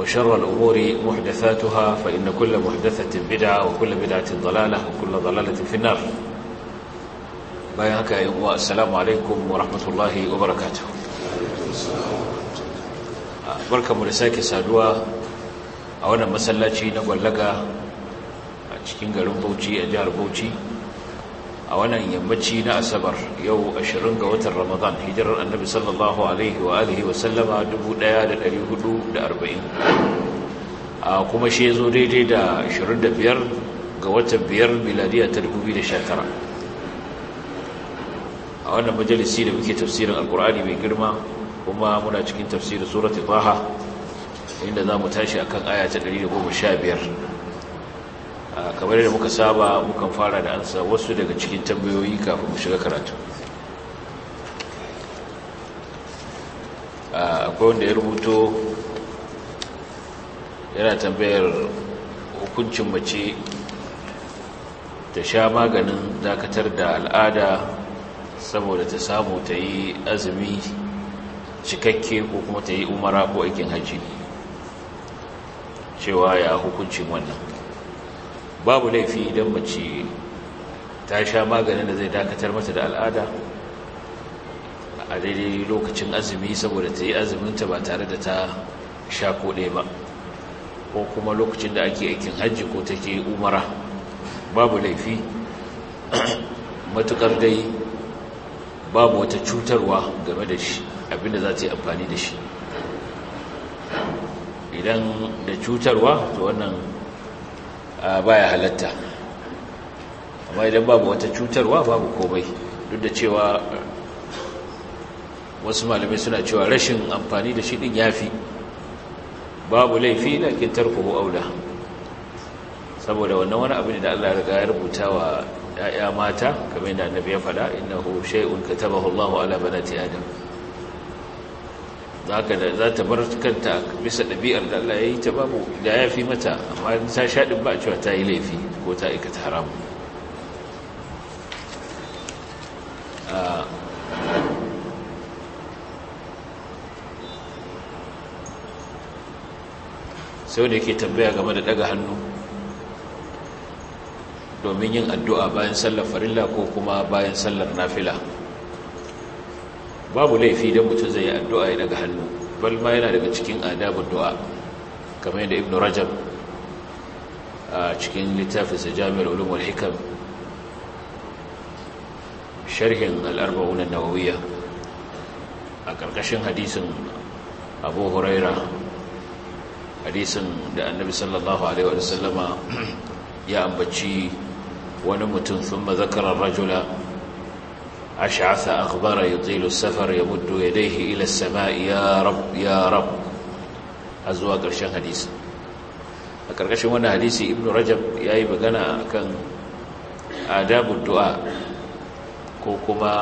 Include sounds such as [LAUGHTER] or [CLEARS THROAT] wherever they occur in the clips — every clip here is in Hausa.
وشر الأمور محدثاتها فإن كل محدثة بدعة وكل بدعة ضلالة وكل ضلالة في النار بيهك والسلام عليكم ورحمة الله وبركاته بركة مرساك سادوا أولا مسلاتي نقول لك أتكين قلوم بوتي أجار بوتي a wannan yammaci na asabar yau 20 ga watan ramadan hijirar annabi sallallahu alaihi wa alihi wa sallama 1440 a kuma shi zo daidai da 25 ga watan biyar miladiya ta 2019 a wannan majalisi da muke tafsirin alkur'ani mai girma kuma muna cikin tafsirin suratul taha inda za mu tashi akan aya ta 115 kamar da muka saba mukan fara da ansa wasu daga cikin tambayoyi kafin mu shiga karatu akwai wanda ya rubuto yana tambayar hukuncin mace ta sha maganin dakatar da al'ada saboda ta samu ta yi azumi cikakke ko kuma ta yi umara ko aikin hajji cewa ya hukuncin wannan babu laifi idan mace ta sha maganin da zai dakatar mata da al'ada a daidai lokacin azumi saboda ta yi azuminta ba tare da ta sha ko ba ko kuma lokacin da ake aikin hajji ko take umara babu laifi [CLEARS THROAT] matukar dai babu wata cutarwa game da shi abinda za ta yi amfani da shi idan da cutarwa to wannan baya halatta amma idan babu wata cutarwa babu komai duk da cewa wasu malamai suna cewa rashin amfani da shi din yafi babu laifi na lakin tarkuhu aula saboda wannan wani abin da Allah ya rubuta wa ya'ya mata kamar yadda annabi ya faɗa innahu shay'un katabahu Allahu ala banati adam zaka da za ta bar kanta bisa ɗabi'ar da Allah ya yi ta babu da ya fi mata amma ta shaɗin ba cewa ta yi laifi ko ta aikata haramu ah, sau da ke tambaya game da ɗaga hannu domin yin addu'a bayan sallar farilla ko kuma bayan sallar nafila babu laifi don mutum zai yi addu'a ya daga hannu Balma yana daga cikin adabin du'a kamar yadda ibn rajab a cikin littafinsa jami'ar ulumar hikam sharhin al'arba'unan nawawiyya a ƙarƙashin hadisin abu huraira hadisin da annabi sallallahu alaihi wa sallama ya ambaci wani mutum sun mazakarar rajula أشعث أغبر يطيل السفر يمد يديه إلى السماء يا رب يا رب أزوى قرشان حديث أكرقش من حديث ابن رجب يأي مغانا كان آداب الدعاء كوكما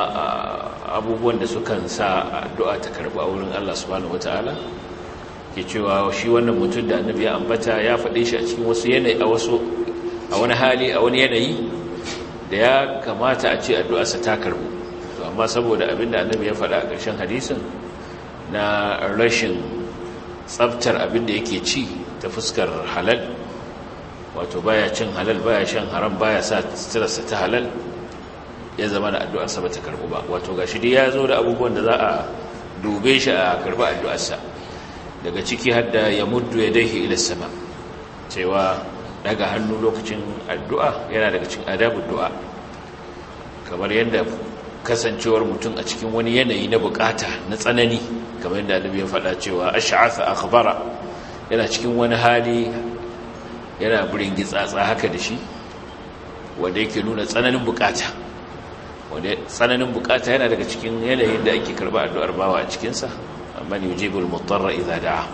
أبو da sukan سا دعاء تكرب أولا الله سبحانه وتعالى wataala ke cewa shi wannan mutum da annabi ya ambata ya faɗe shi a cikin wasu yanayi a wasu a wani hali a wani yanayi da ya kamata a ce addu'arsa ta karbu amma saboda abinda annabi ya faɗa a ƙarshen hadisin na rashin tsabtar abinda yake ci ta fuskar halal wato baya cin halal baya shan haram baya sa tsirarsa ta halal ya zama da addu'arsa ba ta karɓu ba wato ga shi dai ya zo da abubuwan da za a dube shi a karɓi addu'arsa daga ciki har da ya muddu ya daihi ilisa ba cewa daga hannu lokacin addu'a yana daga cikin adabin du'a kamar yadda kasancewar mutum a cikin wani yanayi na bukata na tsanani kamar da annabi ya faɗa cewa a akhbara yana cikin wani hali yana birin gitsatsa haka da shi wanda yake nuna tsananin bukata wanda tsananin bukata yana daga cikin yanayin da ake karba addu'ar bawa a cikinsa sa amma yujibul mutarra idza da'a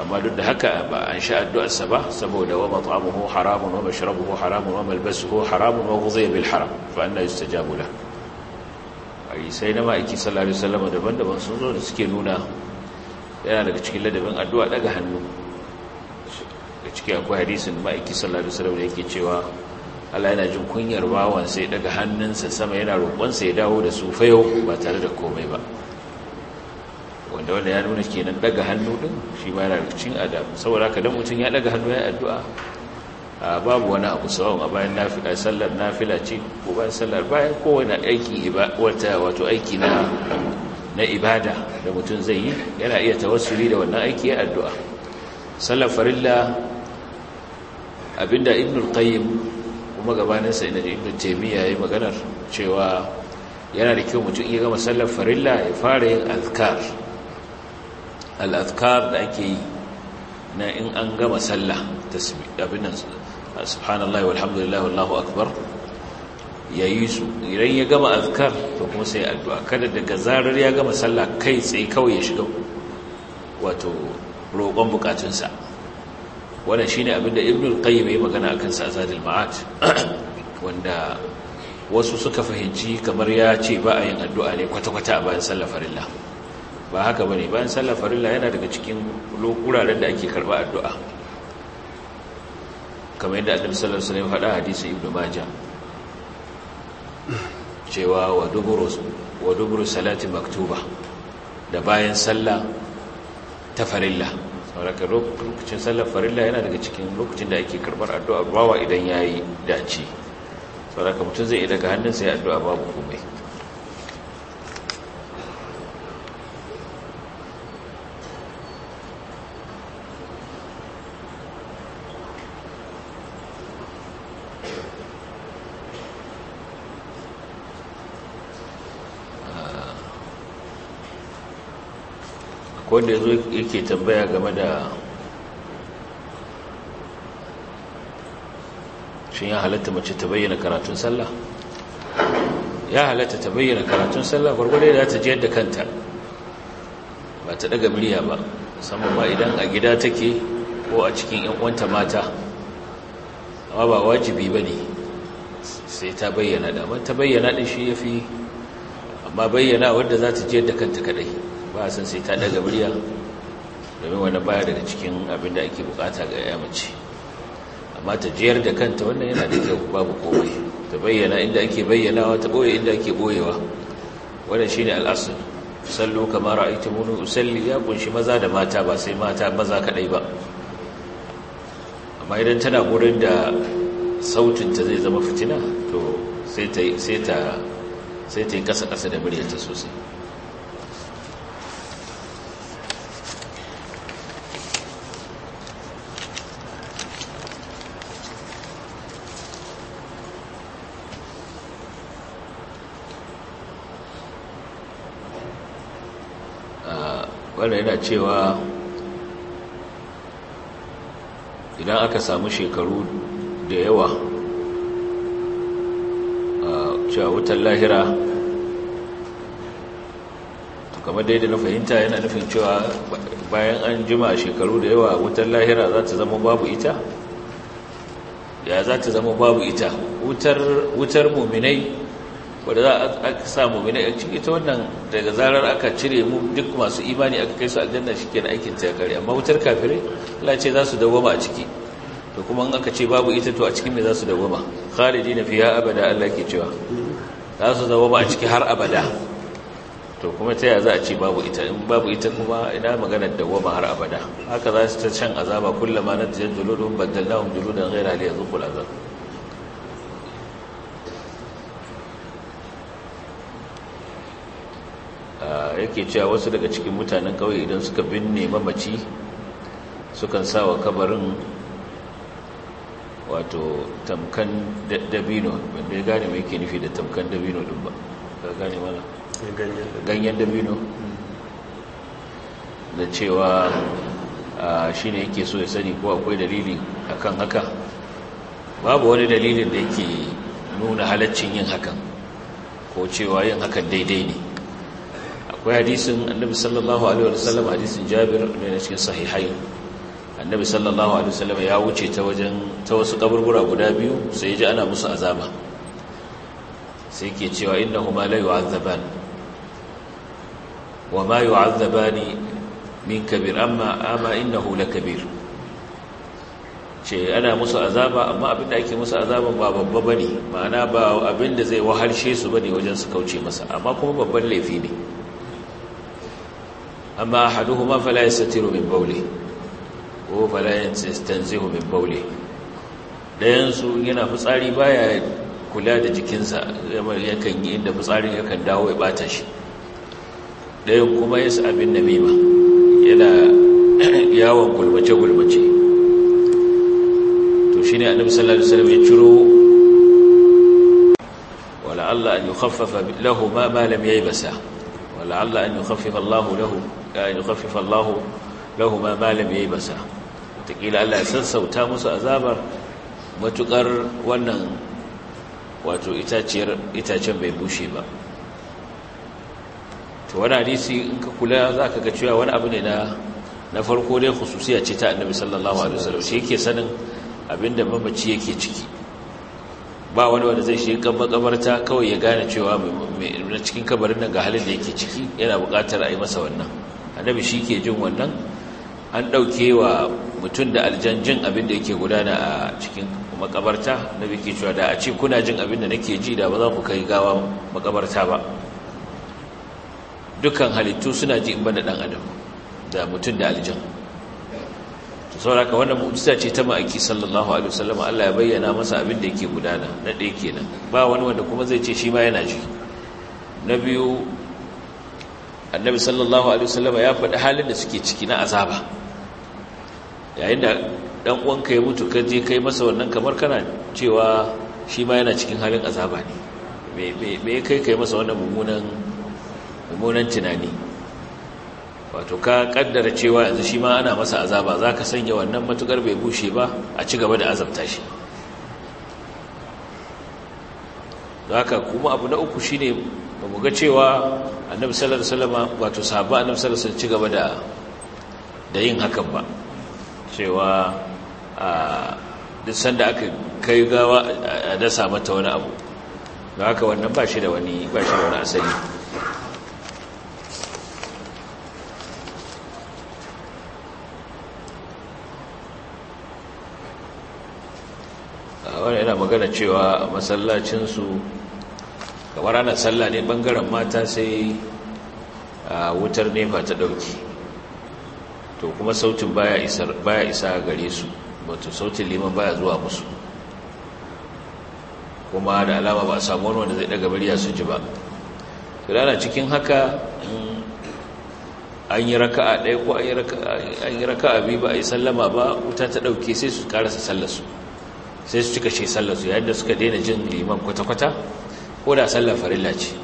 amma duk da haka ba an sha addu'ar sa ba saboda wa mat'amuhu haramun wa mashrabuhu haramun wa malbasuhu haramun wa ghudhiya bil haram fa anna yustajabu lahu sai na ma'aiki sallallahu alaihi daban-daban sun zo da suke nuna yana daga cikin ladabin addu'a daga hannu da cikin akwai hadisin ma'aiki sallallahu alaihi wasallam da yake cewa Allah yana jin kunyar bawan sai daga hannunsa sama yana roƙonsa ya dawo da su fa yau ba tare da komai ba wanda wanda ya nuna kenan daga hannu din shi ma yana cikin adab saboda haka dan mutum ya daga hannu ya yi addu'a babu wani abu sawan a bayan nafila sallar nafila ce ko bayan sallar bayan kowane aiki wata wato aiki na ibada da mutum zai yi yana iya tawassuli da wannan aiki ya addu'a sallar farilla abinda ibn al-qayyim kuma gabanin sa inaji ibn taymiya yayi maganar cewa yana da kyau mutum ya gama sallar farilla ya fara yin azkar al-azkar da ake yi na in an gama sallah tasbih abinan subhanallahi walhamdulillahi wallahu akbar ya yi su idan ya gama azkar to kuma sai addu'a kada daga zarar ya gama sallah kai tsaye kawai ya shiga wato roƙon bukatunsa wannan shine abin da ibnul qayyim ya magana akan sa azadul ma'at [COUGHS] wanda wasu suka fahimci kamar ya ce ba a yin addu'a ne kwata-kwata a bayan sallah farilla ba haka bane bayan sallah farilla yana daga cikin wuraren da ake karba addu'a kamar yadda annabi sallallahu alaihi wasallam faɗa hadisi ibnu majah cewa wa duburu wa duburu salati maktuba da bayan sallah ta farilla sauraka lokacin sallar farilla yana daga cikin lokacin da ake karbar addu'a bawa idan yayi dace sauraka mutum zai yi daga hannun sai addu'a babu komai wanda zo yake tambaya game da shi ya halatta mace ta bayyana karatun sallah ya halatta ta bayyana karatun sallah gwargwade da ta jiyar da kanta ba ta daga miliya ba musamman ba idan a gida take ko a cikin yan mata amma ba wajibi ba ne sai ta bayyana da amma ta bayyana din shi ya fi amma bayyana wadda za ta jiyar da kanta kadai ba san sai ta daga murya domin wani baya daga cikin abin da ake bukata ga ya mace amma ta jiyar da kanta wannan yana da kyau babu komai ta bayyana inda ake bayyanawa ta boye inda ake boyewa wannan shine al'asr sallu kama munu usalli ya kunshi maza da mata ba sai mata maza kadai ba amma idan tana gurin da sautinta zai zama fitina to sai ta sai ta yi kasa-kasa da muryarta sosai wannan yana cewa idan aka samu shekaru da yawa cewa wutar lahira to kamar dai da na fahimta yana nufin cewa bayan an jima shekaru da yawa wutar lahira za ta zama babu ita ya za ta zama babu ita wutar muminai wadda za a samu mini a cikin ita wannan daga zarar aka cire mu duk masu imani aka kai su aljanna shi kenan aikin ta kare amma wutar kafirai Allah ce za su dawwama a ciki to kuma in aka ce babu ita to a cikin me za su dawwama khalidina fiha abada Allah ke cewa za su dawwama a ciki har abada to kuma ta ya za a ce babu ita in babu ita kuma ina magana dawwama har abada haka za su ta can azaba kullama na juluduhum badalnahum juludan ghayra li yadhuqul azab yake cewa wasu daga cikin mutanen kawai idan suka binne mamaci sukan sa wa kabarin wato tamkan dabino wanda ya gane mai ke nufi da tamkan dabino din ba gane mana ganyen dabino da cewa shi ne yake so ya sani ko akwai dalili akan haka babu wani dalilin da yake nuna halaccin yin hakan ko cewa yin hakan daidai ne akwai hadisin annabi sallallahu alaihi wasallam hadisin jabir ne na cikin sahihai annabi sallallahu alaihi wasallam ya wuce ta wajen ta wasu kaburbura guda biyu sai ya ji ana musu azaba sai ke cewa innahuma la yu'azzaban wa ma yu'azzabani min kabir amma ama innahu lakabir ce ana musu azaba amma abin da ake musu azaban ba babba bane ma'ana ba abin da zai wahalshe su bane wajen su kauce masa amma kuma babban laifi ne amma ahaduhuma fala yastatiru min bawli ko fala yastanzihu min bawli dayan su yana fitsari baya kula da jikinsa yakan yi inda fitsarin yakan dawo ya bata shi dayan kuma yasa abin namima yana yawon gulmace gulmace to shine annabi sallallahu alaihi wasallam ya ciro wala Allah an yukhaffafa lahu ma ma lam yaybasa wala Allah an yukhaffifa Allah lahu an yukhaffifa Allah lahu ma malam yayi basa takila Allah ya sassauta musu azabar matukar wannan wato itaciyar itacen bai bushe ba to wani hadisi in ka kula zaka ga cewa wani abu ne na na farko dai khususiya ce ta Annabi sallallahu alaihi wasallam shi yake sanin abinda mamaci yake ciki ba wani wanda zai shiga makabarta kawai ya gane cewa na cikin kabarin nan ga halin da yake ciki yana bukatar a yi masa wannan annabi shi ke jin wannan an ɗauke wa mutum da aljanjin abin da yake gudana a cikin makabarta na biki cewa da a ce kuna jin abin da nake ji da ba za ku kai gawa makabarta ba Dukkan halittu suna ji in da ɗan adam da mutum da aljan ka wannan mu'jiza ce ta ma'aiki sallallahu alaihi wasallam Allah ya bayyana masa abin da yake gudana na ɗaya kenan ba wani wanda kuma zai ce shi ma yana ji na biyu annabi sallallahu alaihi wasallam ya faɗi halin da suke ciki na azaba yayin da dan uwanka ya mutu ka je kai masa wannan kamar kana cewa shi ma yana cikin halin azaba ne me me kai kai masa wannan mummunan mummunan tunani wato ka kaddara cewa yanzu shi ma ana masa azaba za ka sanya wannan matukar bai bushe ba a ci gaba da azabta shi haka kuma abu na uku shine ba mu ga cewa annabi sallallahu alaihi wasallam wato sahaba annabi sallallahu alaihi wasallam ci gaba da yin hakan ba cewa a duk sanda aka kai gawa a dasa mata wani abu za ka wannan ba shi da wani ba shi da wani asali magana cewa masallacinsu kamar ranar sallah ne bangaren mata sai a wutar nefa ta dauki to kuma sautin baya isa gare su wato sautin liman baya zuwa musu kuma da alama ba samu wani wanda zai daga murya su ji ba rana cikin haka an yi raka ɗaya ko an yi raka biyu ba a yi sallama ba wuta ta ɗauke sai su ƙarasa sallarsu sai su cika shi sallar su da suka daina jin liman kwata-kwata ko da sallar farilla ce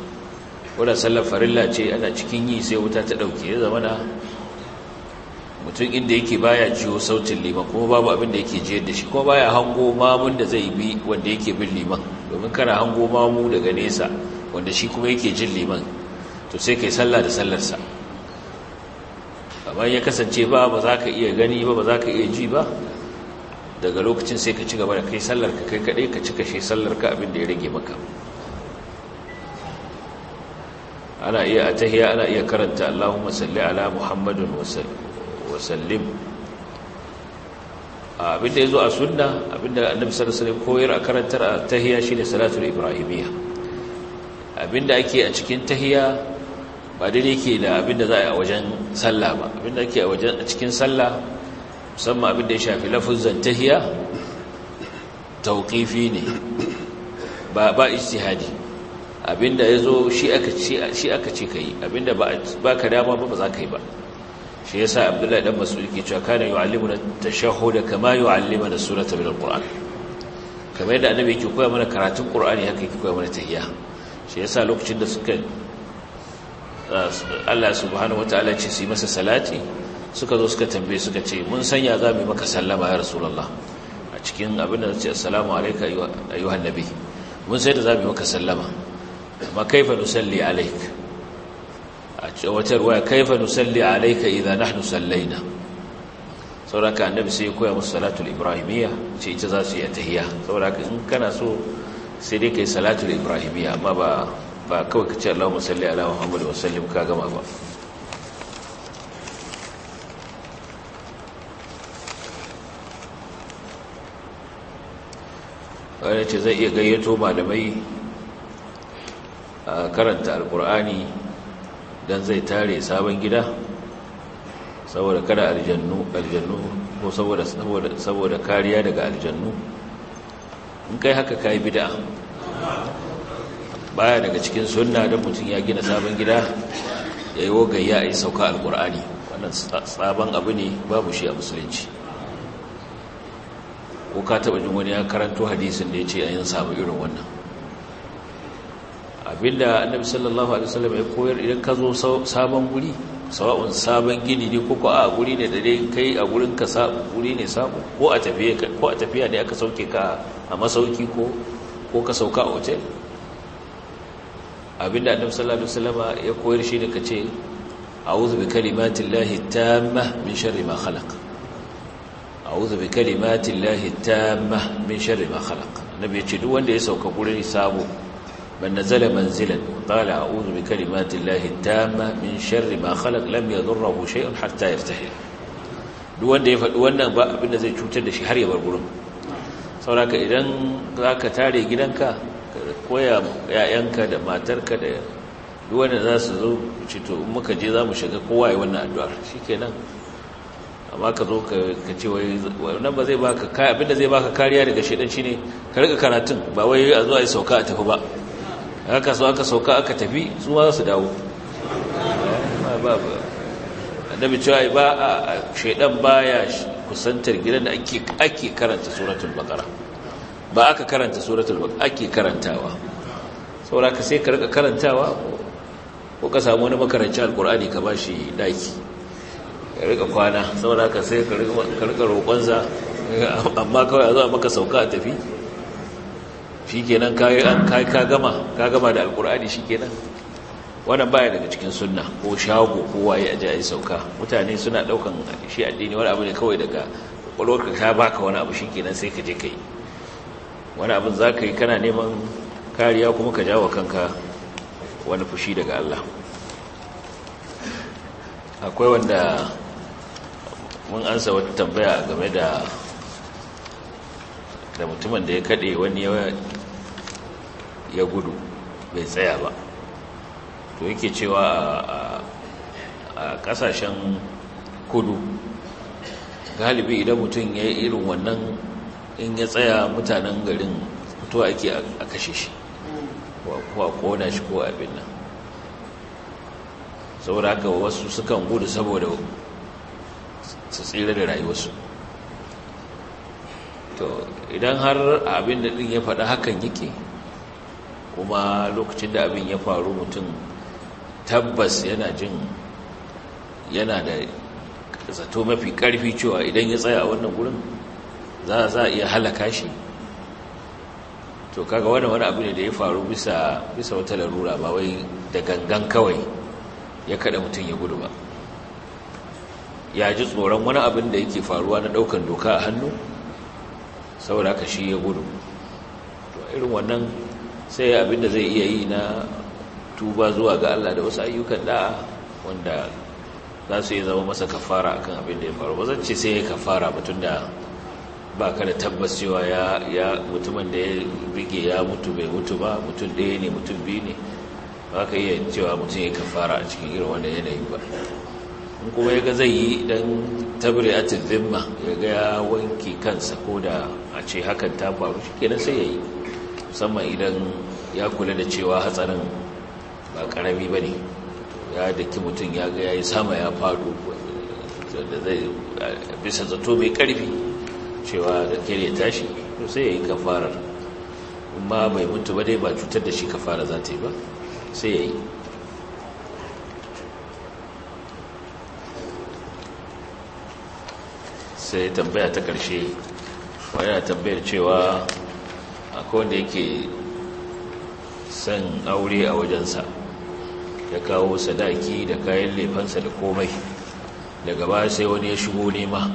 ko da sallar farilla ce ana cikin yi sai wuta ta ɗauke ya zama na mutum inda yake baya jiyo sautin liman kuma babu abin da yake jiyar da shi kuma baya hango mamun da zai bi wanda yake bin liman domin kana hango mamu daga nesa wanda shi kuma yake jin liman to sai kai sallah da sallarsa amma ya kasance ba ba za ka iya gani ba ba za ka iya ji ba daga lokacin sai ka ci gaba da kai sallar ka kai kadai ka cika shi sallar ka abin da ya rage maka ana iya a tahiya ana iya karanta Allahumma salli ala Muhammadin wa sallim abin da ya zo a sunna abin da Annabi sallallahu alaihi wasallam koyar a karantar shi shine salatul ibrahimiyya abin da ake a cikin tahiya ba ne ke da abin da za a yi a wajen sallah ba abin da ake a wajen a cikin sallah musamman abin da ya shafi lafuzan tahiya tauqifi ne ba ba ijtihadi abinda yazo shi aka ce shi aka ce abinda ba baka dama ba za ka yi ba shi yasa abdullahi dan mas'ud yake cewa ta shaho da kama suna ta min alquran kamar yadda annabi yake koya mana karatun qur'ani haka yake koya mana tahiya shi sa lokacin da suka Allah subhanahu wataala ce su yi masa salati suka zo suka tambaye suka ce mun sanya za mu yi maka sallama ya rasulullah a cikin abin da zai ce assalamu alayka ayyuhan nabi mun sai da za mu yi maka sallama amma kaifa nusalli alayk a cikin wata ruwaya kaifa nusalli alayka idza nahnu sallaina sauraka annabi sai ya koya musu salatul ibrahimiyya ce ita za su yi tahiyya sauraka in kana so sai dai kai salatul ibrahimiyya amma ba kawai ka ce allahu salli ala Muhammad wa sallim ka gama ba wani ce zai iya gayyato malamai a karanta alkur'ani don zai tare sabon gida saboda kada aljannu ko saboda kariya daga aljannu in kai haka ka yi bida baya daga cikin sunna don mutum ya gina sabon gida ya yi wogayya a yi sauka alkur'ani wannan sabon abu ne babu shi a musulunci ko ka taɓa jin wani ya karanto hadisin da ya ce yayin sabu irin wannan abinda annabi sallallahu alaihi wasallam ya koyar idan ka zo sabon guri sawa'un sabon gini ne ko ko a guri ne da dai kai a gurin ka guri ne sabo ko a tafiya ko a tafiya ne aka sauke ka a masauki ko ko ka sauka a hotel abinda annabi sallallahu alaihi wasallam ya koyar shi da kace a'udhu bi kalimatillahi tamma min sharri ma khalaq a'udhu bi kalimati llahi tammah min sharri ma khalaq nabi ce duk wanda ya sauka gurin sabo man nazala manzilan qala a'udhu bi kalimati llahi tammah min sharri ma khalaq lam yadurruhu shay'un hatta yaftahil duk wanda ya faɗi wannan ba abin da zai cutar da shi har ya bar gurin sauraka idan zaka tare gidanka koya yayanka da matarka da duk wanda za su zo ci to muka je za mu shiga kowa ya wannan addu'ar shikenan amma ka zo ka ce wannan ba zai baka kai abinda zai baka kariya daga shedan shine ka rika karatun ba wai a zo a yi sauka a tafi ba haka so aka sauka aka tafi su ma za su dawo annabi cewa ba a shedan baya kusantar gidan da ake ake karanta suratul baqara ba aka karanta suratul baqara ake karantawa saboda ka sai ka rika karantawa ko ka samu wani makarancin alqur'ani ka bashi daki ka rika kwana saboda haka sai ka rika roƙonsa amma kawai a zuwa maka sauka a tafi fi kenan ka gama ka gama da alkur'ani shi kenan wannan baya daga cikin sunna ko shago ko waye a ji sauka mutane suna ɗaukan shi addini wani abu ne kawai daga ka ta baka wani abu shi kenan sai ka je ka yi wani abin za ka yi kana neman kariya kuma ka jawo kanka wani fushi daga Allah akwai wanda mun ansa wata tambaya game da da mutumin da ya kade wani ya gudu bai tsaya ba to yake cewa a kasashen kudu galibi idan mutum ya yi irin wannan in ya tsaya mutanen garin fito ake a kashe shi ko a kona shi ko abin nan saboda haka wasu sukan gudu saboda su tsira da rayuwarsu to idan har abin da ɗin ya faɗa hakan yake kuma lokacin da abin ya faru mutum tabbas yana jin yana da zato mafi ƙarfi cewa idan ya tsaya a wannan wurin, za a iya halaka shi to kaga wani wani abu ne da ya faru bisa bisa wata larura ba wai da gangan kawai ya kada mutum ya gudu ba ya ji tsoron wani abin da yake faruwa na ɗaukan doka a hannu saboda haka shi ya gudu to irin wannan sai abin da zai iya yi na tuba zuwa ga Allah da wasu ayyukan da'a wanda za su yi zama masa kafara akan abin da ya faru zan ce sai ya kafara mutum da ba ka da tabbas cewa ya mutumin da ya bige ya mutu bai mutu ba mutum ɗaya ne mutum biyu ne ba ka iya cewa mutum ya kafara a cikin irin wannan yanayi ba in kuma ya ga zai yi a tabiriyatin ma ya ga ya wanke kansa ko da a ce hakan ta faru shi kenan sai ya yi musamman idan ya kula da cewa hatsarin ba karami ba ne ya daki mutum ya ga ya yi sama ya faru da zai bisa zato mai karfi cewa da kere tashi sai ya yi kafarar amma bai mutu ba dai ba cutar da shi kafara za ta yi ba sai ya yi sai ya tambaya ta karshe wa yana tambayar cewa akwai wanda yake son aure a wajensa ya kawo sadaki da kayan lefansa da komai daga baya sai wani ya shigo nema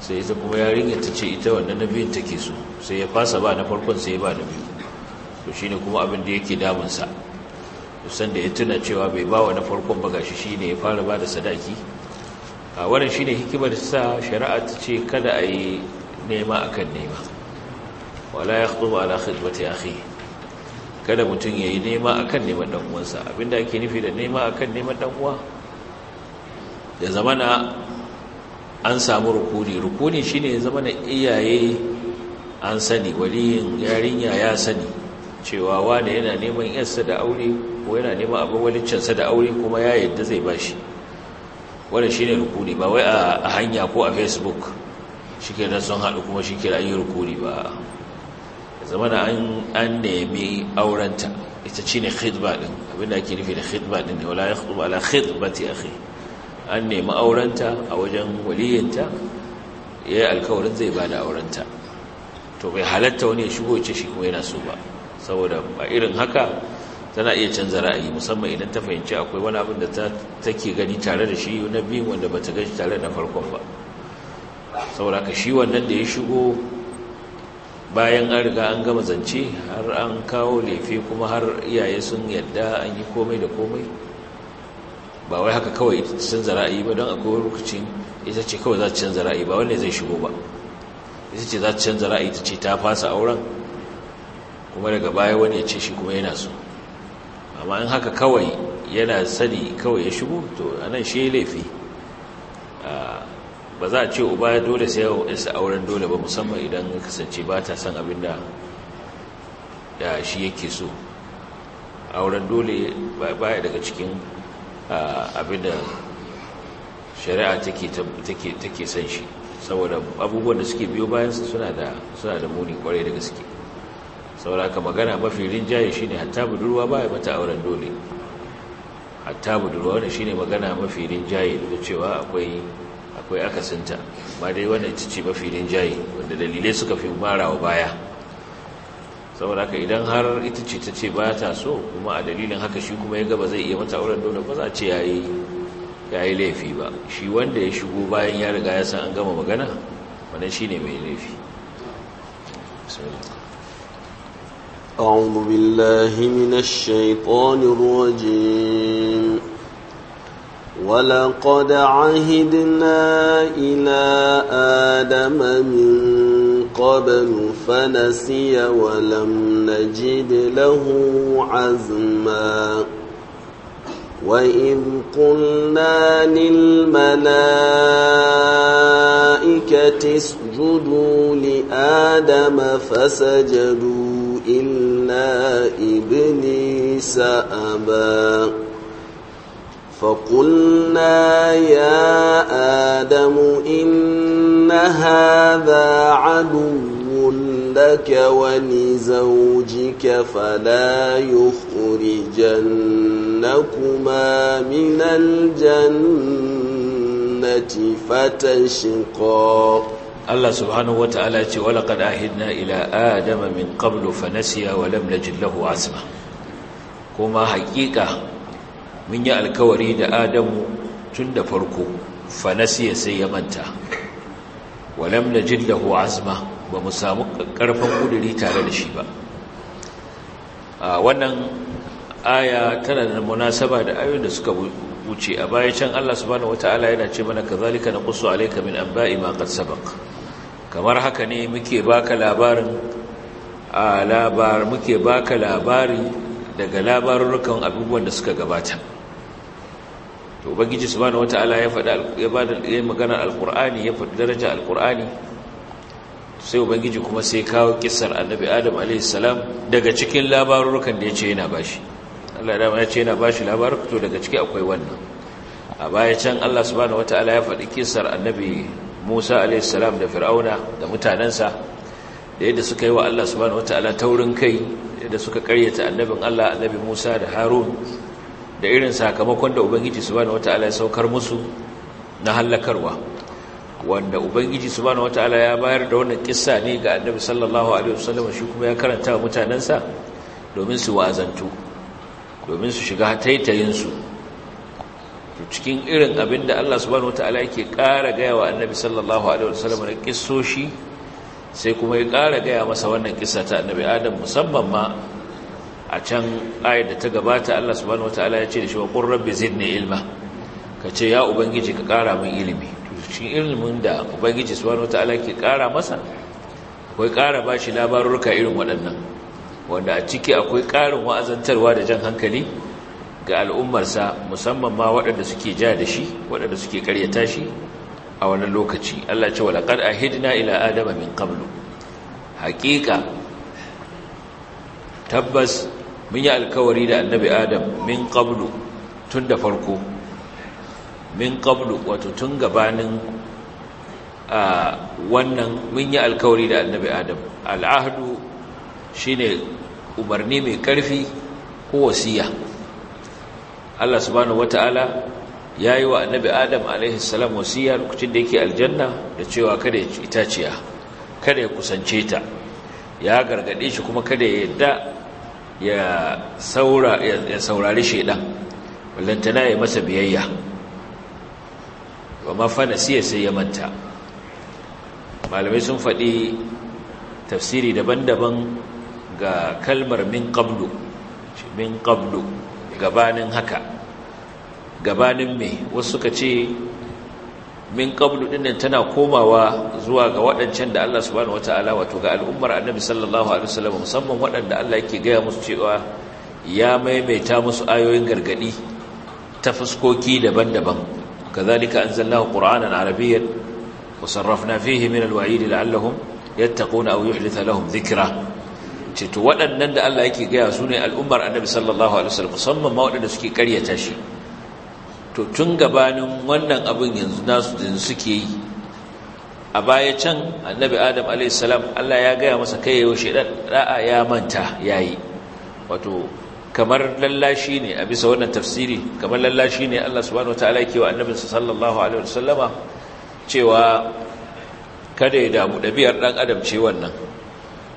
sai ita kuma yarinyar ta ce ita wannan na biyun take so sai ya fasa ba na farkon sai ya ba na biyu to shine kuma abin da yake damunsa san da ya tuna cewa bai ba wa na farkon ba gashi ne ya fara ba da sadaki wannan shine hikimar sa shari'a ta ce kada a yi nema a kan nema wala ya yakhdumu ala khidmati akhi kada mutum ya yi nema a kan neman dan uwansa abinda ake nufi da nema a kan neman dan uwa da zamana an samu rukuni rukuni shine ya zamana iyaye an sani waliyin yarinya ya sani cewa wane yana neman yarsa da aure ko yana neman abin walincinsa da aure kuma ya yadda zai bashi shi wannan shine rukuni ba wai a hanya ko a facebook shike nan sun haɗu kuma shike da yi rukuni ba zama da an nemi aurenta ita ce ne khidba din abinda ake nufi da khidba din wala yakhdhu ala khidbati akhi an nemi aurenta a wajen waliyinta yayi alkawarin zai bada aurenta to bai halatta wani ya shigo ce shi kuma yana so ba saboda ba irin haka tana iya canza ra'ayi musamman idan ta fahimci akwai wani abin da take gani tare da shi na biyun wanda bata gani tare da farkon ba saboda ka shi wannan da ya shigo bayan an riga an gama zance har an kawo lefe kuma har iyaye sun yadda an yi komai da komai ba wai haka kawai ita canza ra'ayi ba don akwai lokacin ita ce kawai za ta canza ra'ayi ba wanda zai shigo ba ita ce za ta canza ra'ayi ta ce ta fasa auren kuma daga baya wani ya ce shi kuma yana so amma in haka kawai yana sani kawai ya shigo to anan shi laifi ah, ba za a ce uba ya dole sai ya isa auren dole ba musamman idan kasance ba ta son abin da da shi yake so auren dole baya daga cikin ah, abin da shari'a take son shi saboda abubuwan da suke biyo bayansa suna da muni kwarai da gaske sauraka magana mafi rinjaye shine hatta budurwa ba ya mata auren dole hatta budurwa shi shine magana mafi rinjaye da cewa akwai akasinta ba dai wannan ita ce mafi rinjaye wanda dalilai suka fi mara wa baya saboda idan har ita ce ta ce ba ta so kuma a dalilin haka shi kuma ya gaba zai iya mata auren dole ba za a ce ya yi laifi ba shi wanda ya shigo bayan ya riga ya san an gama magana wannan shine mai laifi أعوذ بالله من الشيطان الرجيم ولقد عهدنا إلى آدم من قبل فنسي ولم نجد له عزماً وإذ قلنا للملائكة اسجدوا لآدم فسجدوا إلا إبليس أبى فقلنا يا آدم إن هذا عدو لك ولزوجك فلا يخرجن لكما من الجنة فتشقا الله سبحانه وتعالى ولقد عهدنا إلى آدم من قبل فنسي ولم نجد له عزما كما حقيقة من الكوري دا آدم تند فرقو فنسي سيمنتا ولم نجد له عزما ومسامك كرفا قدري تعالى لشيبا آه wannan aya tana da munasaba da ayoyin da suka wuce a baya can Allah subhanahu wata'ala yana ce mana kazalika naqussu alayka min anba'i ma qad sabaq kamar haka ne muke baka labarin a labar muke baka labari daga labarurukan abubuwan da suka gabata to ubangiji subhanahu wata'ala ya faɗa ya bada magana alqur'ani ya faɗi daraja alqur'ani sai ubangiji kuma sai kawo kissar annabi adam alayhi salam daga cikin labarurukan da yace yana bashi Allah ya ce yana bashi labarin to daga ciki akwai wannan a baya can Allah subhanahu wataala ya faɗi kisar annabi Musa alayhi salam da Fir'auna da mutanansa da yadda suka yi wa Allah subhanahu wataala taurin kai yadda suka karyata annabin Allah annabi Musa da Harun da irin sakamakon da Ubangiji subhanahu wataala ya saukar musu na halakarwa, wanda ubangiji subhanahu wataala ya bayar da wannan kissa ne ga annabi sallallahu alaihi wasallam shi kuma ya karanta wa mutanansa domin su wa'azantu domin su shiga taitayinsu cikin irin abin da Allah subhanahu wataala yake ƙara gaya wa annabi sallallahu alaihi wasallam na kissoshi sai kuma ya ƙara gaya masa wannan kissa ta annabi adam musamman ma a can ayar da ta gabata Allah subhanahu wataala ya ce da shi wa qur rabbi zidni ilma ce ya ubangiji ka ƙara min ilimi cikin ilimin da ubangiji subhanahu wataala ke ƙara masa akwai ƙara bashi labarurka irin waɗannan wanda a ciki akwai ƙarin wa'azantarwa da jan hankali ga al'ummarsa musamman ma waɗanda suke ja da shi waɗanda suke ƙaryata shi a wannan lokaci Allah ce walaƙar hidina ila adama min qablu haƙiƙa tabbas mun yi alkawari da annabi adam min qablu tun da farko min qablu wato tun gabanin a wannan mun yi alkawari da annabi adam al'ahdu shine umarni mai karfi ko wasiya Allah subhanahu wata'ala ya yi wa annabi adam alaihi salam wasiya lokacin da yake aljanna da cewa kada ya taciya kada ya kusance ta ya gargade shi kuma kada ya yadda ya saura ya saurari shedan wallantana ya masa biyayya wa mafana siya sai ya manta malamai sun faɗi tafsiri daban-daban ga kalmar min qablu min qablu gabanin haka gabanin me wasu suka ce min qablu dinnan tana komawa zuwa ga waɗancan da Allah subhanahu wataala wato ga al'ummar annabi sallallahu alaihi wasallam musamman waɗanda Allah yake gaya musu cewa ya maimaita musu ayoyin gargadi ta fuskoki daban-daban kazalika anzalnahu qur'anan arabiyyan wasarrafna fihi min alwa'id la'allahum yattaquna aw yuhditha lahum dhikra ce waɗannan da Allah yake gaya su ne al'ummar annabi sallallahu alaihi wasallam musamman ma waɗanda suke ƙaryata shi to tun gabanin wannan abin yanzu nasu da suke yi a baya can annabi adam alaihi salam Allah ya gaya masa kai yau shedan da'a ya manta ya yi. wato kamar lallashi ne a bisa wannan tafsiri kamar lallashi ne Allah subhanahu wataala yake wa annabinsa sallallahu alaihi wasallama cewa kada ya damu ɗabi'ar ɗan adam ce wannan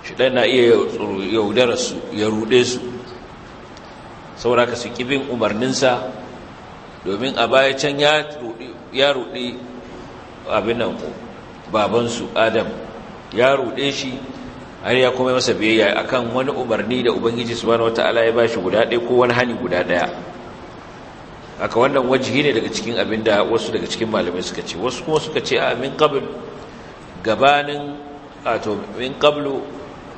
shidan na iya yaudara su ya rude su sauraka su kibin umarninsa domin a baya can ya rude abinan babansu adam ya rude shi har ya kuma masa biyayya akan wani umarni da ubangiji subhanahu wataala ya bashi guda ɗaya ko wani hani guda ɗaya aka wannan wajihi ne daga cikin abin da wasu daga cikin malamai suka ce wasu kuma suka ce a min qabl gabanin ato min qablu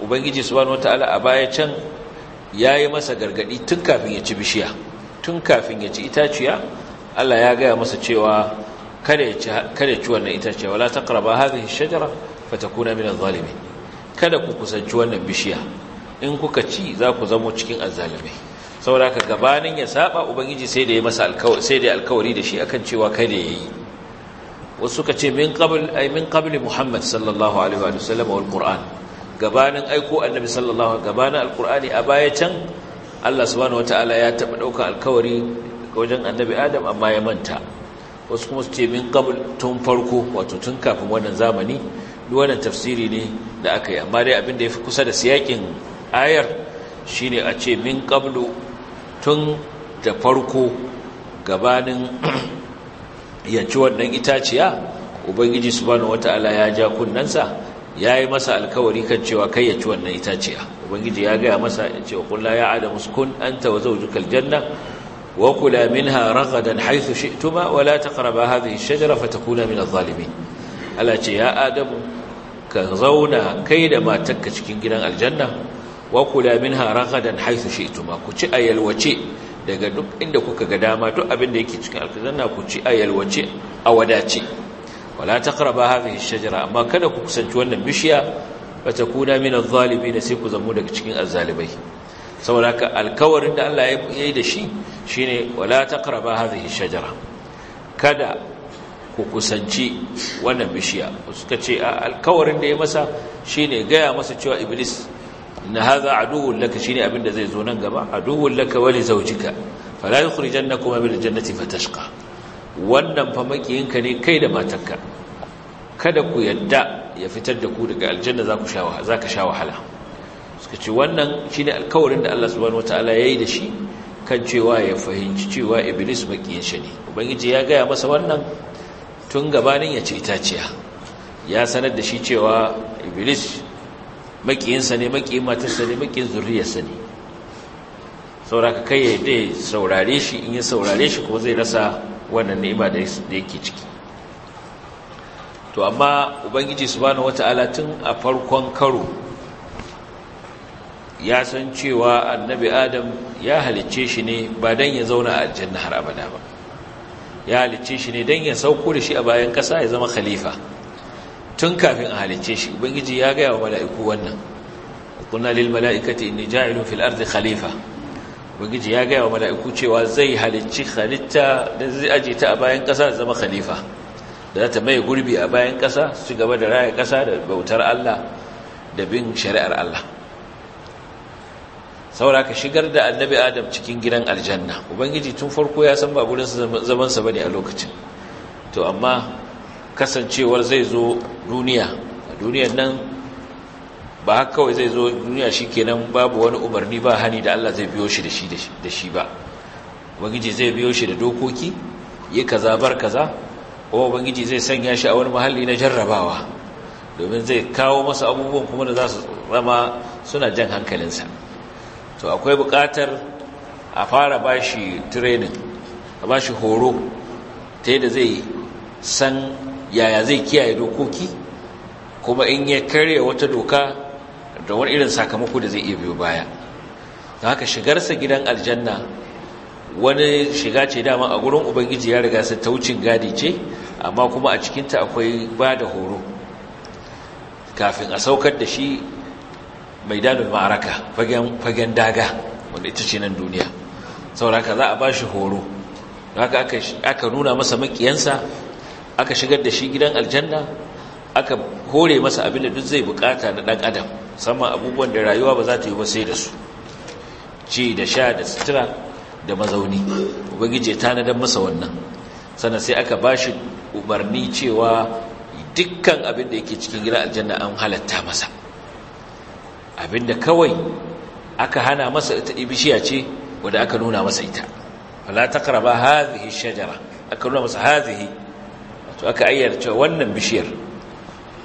ubangiji subhanahu wataala a baya can yayi masa gargadi tun kafin ya ci bishiya tun kafin ya ci itaciya Allah ya gaya masa cewa kada ya ci kada ya ci wannan itaciya wala taqraba hadhihi ash-shajara fatakuna min adh-dhalimin kada ku kusanci wannan bishiya in kuka ci za ku zamo cikin azzalimai saboda haka gabanin ya saba ubangiji sai da ya masa alkawari sai da alkawari da shi akan cewa kada ya yi wasu suka ce min qabl ay min qabl muhammad sallallahu alaihi wa sallam wal qur'an gabanin aiko annabi sallallahu alaihi gabanin alqur'ani a baya can Allah subhanahu wataala ya taba ɗaukar alkawari wajen annabi Adam amma ya manta wasu kuma su ce min qabl tun farko wato tun kafin wannan zamani duwannan tafsiri ne da aka yi amma dai abin da fi kusa da siyakin ayar shine a ce min qablu tun da farko gabanin [CLEARS THROAT] yanci wannan itaciya ubangiji subhanahu wataala ya ja kunnansa ya yi masa alkawari kan cewa kai ya ci wannan itaciya ubangiji ya gaya masa ya ce wa kulla ya adamu sukun anta wa zawjuka aljanna wa kula minha ragadan haythu shi'tuma wa la taqrabu hadhihi ash-shajara fatakuna min adh-dhalimin Allah ce ya adamu ka zauna kai da matarka cikin gidan aljanna wa kula minha ragadan haythu shi'tuma ku ci ayalwace daga duk inda kuka ga dama duk abin da yake cikin aljanna ku ci yalwace a wadace wala taqrabu hadhihi ash-shajara amma kada ku kusanci wannan bishiya bata kuna min adh na sai ku zamo daga cikin azzalibai saboda haka alkawarin da Allah ya yi da shi shine wala taqrabu hadhihi ash-shajara kada ku kusanci wannan bishiya suka ce alkawarin da ya masa shine gaya masa cewa iblis na hadha aduwwun laka shine abin da zai zo nan gaba aduwwun laka wa li zawjika fala yukhrijannakum min al-jannati fatashqa wannan fa makiyinka ne kai da matanka kada ku yadda ya fitar da ku daga aljanna za ku sha ka sha wahala suka ce wannan shine alkawarin da Allah subhanahu wataala yayi da shi kan cewa ya fahimci cewa iblis makiyin shi ne ubangiji ya gaya masa wannan tun gabanin ya ce itaciya ya sanar da shi cewa iblis makiyinsa ne makiyin matarsa ne makiyin zurriyarsa ne sauraka kai ya dai saurare shi in ya saurare shi kuma zai rasa wannan ni'ima da yake ciki to amma ubangiji subhanahu wata'ala tun a farkon karo ya san cewa annabi adam ya halicce shi ne ba don ya zauna a aljanna har abada ba ya halicce shi ne dan ya sauko da shi a bayan kasa ya zama khalifa tun kafin a halicce shi ubangiji ya gaya wa mala'iku wannan kunna lil mala'ikati inni ja'ilun fil ardi khalifa ubangiji ya gaya wa mala'iku cewa zai halicci halitta da zai aji ta a bayan ƙasa zama khalifa da za ta mai gurbi a bayan ƙasa su gaba da raya ƙasa da bautar Allah da bin shari'ar Allah saura ka shigar da annabi adam cikin gidan aljanna ubangiji tun farko ya san ba wurin zamansa ba ne a lokacin to amma kasancewar zai zo duniya a duniyar nan ba haka kawai zai zo duniya shi kenan babu wani umarni ba hani da Allah zai biyo shi da shi ba ubangiji zai biyo shi da dokoki yi kaza bar kaza kuma ubangiji zai sanya shi a wani mahalli na jarrabawa domin zai kawo masa abubuwan kuma da za su zama suna jan hankalinsa to akwai buƙatar a fara ba shi training a ba shi horo ta yadda zai san yaya zai kiyaye dokoki kuma in ya karya wata doka da wani irin sakamako da zai iya biyo baya da haka shigarsa gidan aljanna wani shiga ce dama a gurin ubangiji ya riga su taucin gadi ce amma kuma a cikinta akwai ba da horo kafin a saukar da shi mai danu ma'araka fagen daga wanda ita ce nan duniya sauraka za a ba shi horo haka aka nuna masa makiyansa aka shigar da shi gidan aljanna aka hore masa abin da duk zai bukata na dan adam Saman abubuwan da rayuwa ba za ta yi ba sai da su ci da sha da sutura da mazauni ubangiji tanadar masa wannan Sana sai aka ba shi umarni cewa dukkan abin da yake cikin gina aljanna an halatta masa abin da kawai aka hana masa ita bishiya ce wadda aka nuna masa ita fala taqraba hazihi shajara aka nuna masa hazihi wato aka ayyana cewa wannan bishiyar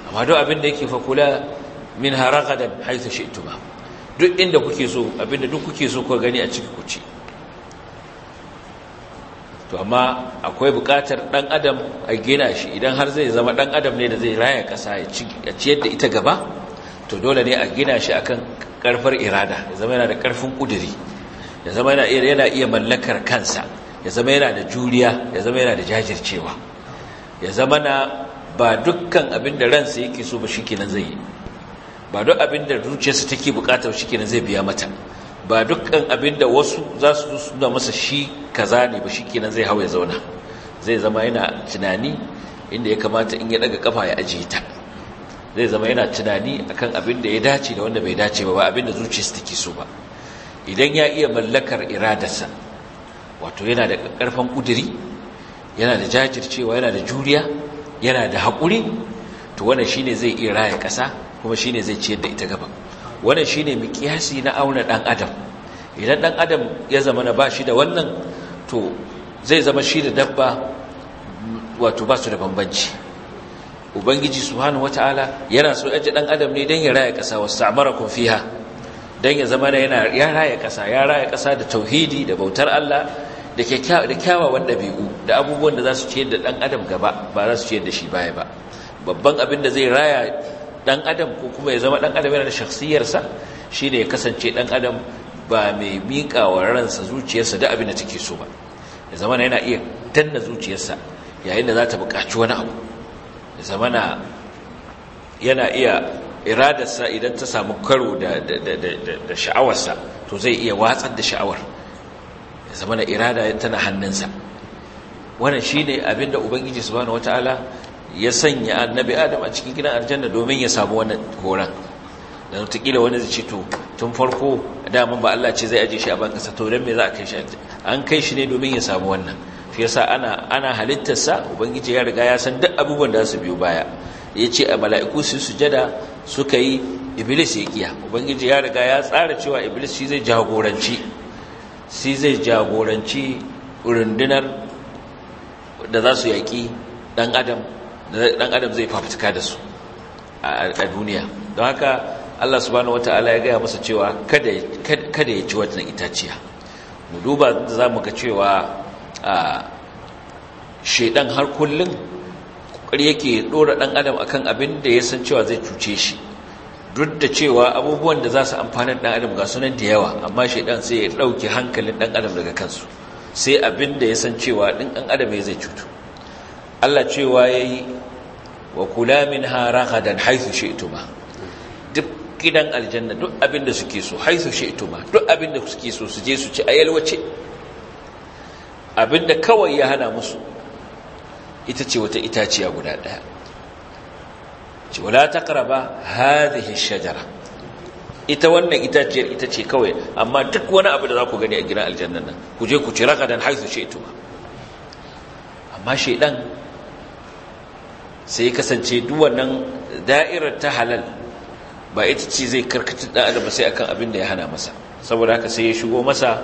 amma duk abin da yake fakula min haragadan haitha shi'tuma duk inda kuke so abinda duk kuke so ku gani a ciki ku ci to amma akwai bukatar dan adam a gina shi idan har zai zama dan adam ne da zai raya kasa ya ci yadda ita gaba to dole ne a gina shi akan karfar irada ya zama yana da karfin kuduri ya zama yana iya mallakar kansa ya zama yana da juriya ya zama yana da jajircewa ya zama na ba dukkan abinda da ransa yake so ba shikenan zai yi ba duk abin da zuciyarsa take bukatar shi kenan zai biya mata ba dukkan abin da wasu za su suna masa shi kaza ne ba shi kenan zai hau ya zauna zai zama yana tunani inda ya kamata in ya daga kafa ya ajiye ta zai zama yana tunani akan abin da ya dace da wanda bai dace ba ba abin da zuciyarsa take so ba idan ya iya mallakar iradarsa wato yana da karfan kuduri yana da jajircewa yana da juriya yana da hakuri to wannan shine zai iya raya kasa kuma shine zai ciyar da ita gaba wannan shine miqyasi na auna ɗan adam idan ɗan adam ya zama na bashi da wannan to zai zama shi da dabba wato ba su da bambanci ubangiji subhanahu wataala yana so yaje ɗan adam ne don ya raya kasa kun fiha Don ya zama na yana ya raya kasa ya raya kasa da tauhidi da bautar Allah da kyawawan ɗabi'u da abubuwan da za su ciyar da ɗan adam gaba ba za su ciyar da shi baya ba babban abin da zai raya dan adam ko kuma ya zama dan adam yana da shakhsiyarsa shine ya kasance dan adam ba mai miƙa wa ransa zuciyarsa da abin da take so ba ya zama yana iya danna zuciyarsa yayin da za ta buƙaci wani abu ya zama yana iya iradarsa idan ta samu karo da da sha'awarsa to zai iya watsar da sha'awar ya zama irada tana hannunsa wannan shine abin da ubangiji subhanahu wataala ya sanya annabi adam a cikin gidan aljanna domin ya samu wannan horon da wataƙila wani zai ce to tun farko daman ba Allah ce zai aje shi a banka sa. to dan me za a kai shi an kai shi ne domin ya samu wannan fi yasa ana ana halittarsa ubangiji ya riga ya san duk abubuwan da su biyo baya ya ce a mala'iku su sujada suka yi iblis ya kiya ubangiji ya riga ya tsara cewa iblis shi zai jagoranci shi zai jagoranci rundunar da za su yaki ɗan adam da dan adam zai fafutuka da su a duniya don haka Allah subhanahu wata'ala ya gaya masa cewa kada kada ya ci wannan itaciya mu duba zamu ga cewa shedan har kullun kokari yake dora dan adam akan abin da ya san cewa zai cuce shi duk da cewa abubuwan da za su amfana dan adam ga sunan da yawa amma shedan sai ya dauki hankalin dan adam daga kansu sai abin da ya san cewa din dan adam ya zai cutu Allah cewa yayi wa kula minha ragadan haythu shi'tuma duk gidan aljanna duk abinda suke so haythu shi'tuma duk abinda suke so su je su ci ayalwace abin da kawai ya hana musu ita ce wata itaciya guda daya ce wala taqraba hadhihi shajara ita wannan itaciyar ita ce kawai amma duk wani abu da za ku gani a gidan aljannan nan ku je ku ci ragadan haythu shi'tuma amma shaydan sai kasance duk wannan da'irar ta halal ba ita ce zai karkatar da adam sai akan abin da ya hana masa saboda haka sai ya shigo masa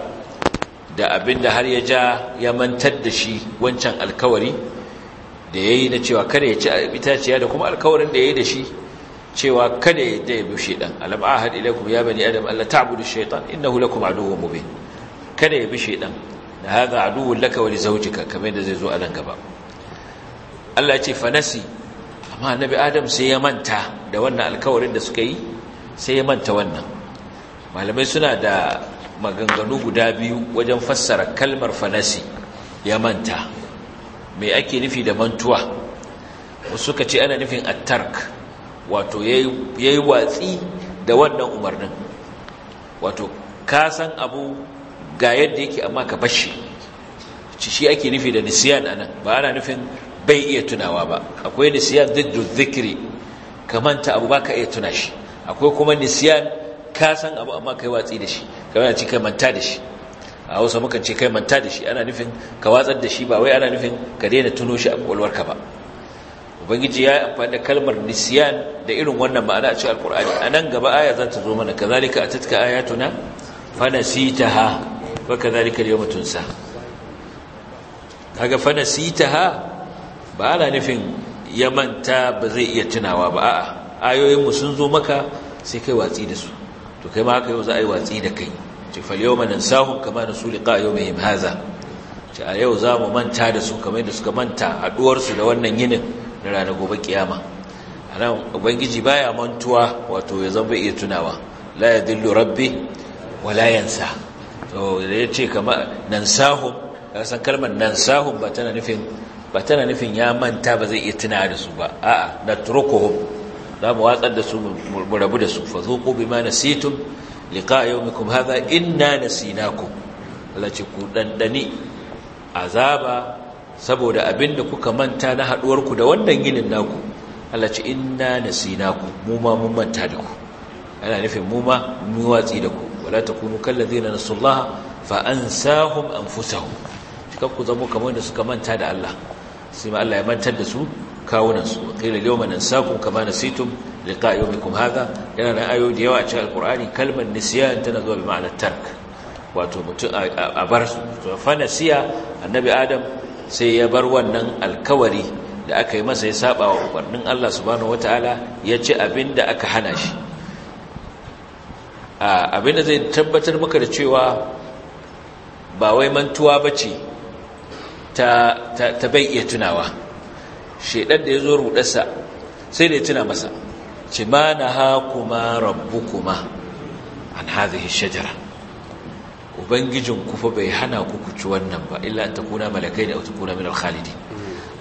da abin da har ya ja ya mantar da shi wancan alkawari da ya yi na cewa kada ya ci itaciya da kuma alkawarin da ya yi da shi cewa kada ya ya bi shaidan alam ilaikum ya bani adam alla ta'budu shaytan innahu lakum aduwwun mubin kada ya bi shaidan da hadha aduwwun laka zaujika, li kamar da zai zo a nan gaba Allah ce fanasi amma annabi adam sai ya manta da wannan alkawarin da suka yi sai ya manta wannan malamai suna da maganganu guda biyu wajen fassara kalmar fanasi ya manta mai ake nufi da mantuwa wasu ka ce ana nufin attark wato ya yi watsi da wannan umarnin wato ka san abu ga yadda yake amma ka bashi shi ake nufi da nisiyan anan ba ana nufin bai iya tunawa ba akwai nisiyan diddu zikiri ka manta abu ba ka iya tuna shi akwai kuma nisiyan kasan abu amma kai watsi da shi kamar yana ci kai manta da shi a hausa mukan ce kai manta da shi ana nufin ka watsar da shi ba wai ana nufin ka daina tuno shi a kwalwarka ba ubangiji ya yi amfani da kalmar nisiyan da irin wannan ma'ana a cikin alkur'ani a nan gaba aya za ta zo mana ka zalika a tattaka ayatuna fa ka fa kazalika al-yawma tunsa kaga fa ha. ba ana nufin ya manta ba zai iya tunawa ba a'a ayoyinmu sun zo maka sai kai watsi da su to kai ma haka yau za a yi watsi da kai ce falyawma nansahum kama nasu liqa yawmihim hadha ci a yau za mu manta da su kamar da suka manta haduwar su da wannan yinin na ranar gobe kiyama anan ubangiji baya mantuwa wato ya bai iya tunawa la ya dillu rabbi la yansa to da yace kama ya san kalmar sahun ba tana nufin ba tana nufin ya manta ba zai iya tuna da su ba a'a na turkuhum za mu watsar da su mu rabu da su fa zuqu bima nasitum liqa yawmikum hadha inna nasinakum Allah ce ku dandani azaba saboda abinda kuka manta na haɗuwarku da wannan ginin naku Allah ce inna nasinakum mu ma mun manta da ku ana nufin mu ma mu watsi da ku wala zai kallazina nasullaha fa ansahum anfusahum ku zamo kamar da suka manta da Allah sai ma Allah ya mantar da su kawunan su qila yawma nansakum kama nasitum liqa yawmikum hadha yana da ayo da yawa a cikin alqur'ani kalmar nisyan tana zuwa bi ma'anar tark wato mutum a bar su fa nasiya annabi adam sai ya bar wannan alkawari da aka yi masa ya saba wa umarnin Allah subhanahu wataala ya ci abinda aka hana shi abinda zai tabbatar maka da cewa ba wai mantuwa bace ta ta bai iya tunawa shedan da ya zo rudarsa sai da ya tuna masa ce ma rabu kuma an hadhihi shajara ubangijin ku fa bai hana ku ku ci wannan ba illa ta kuna malakai da kuna minar khalidi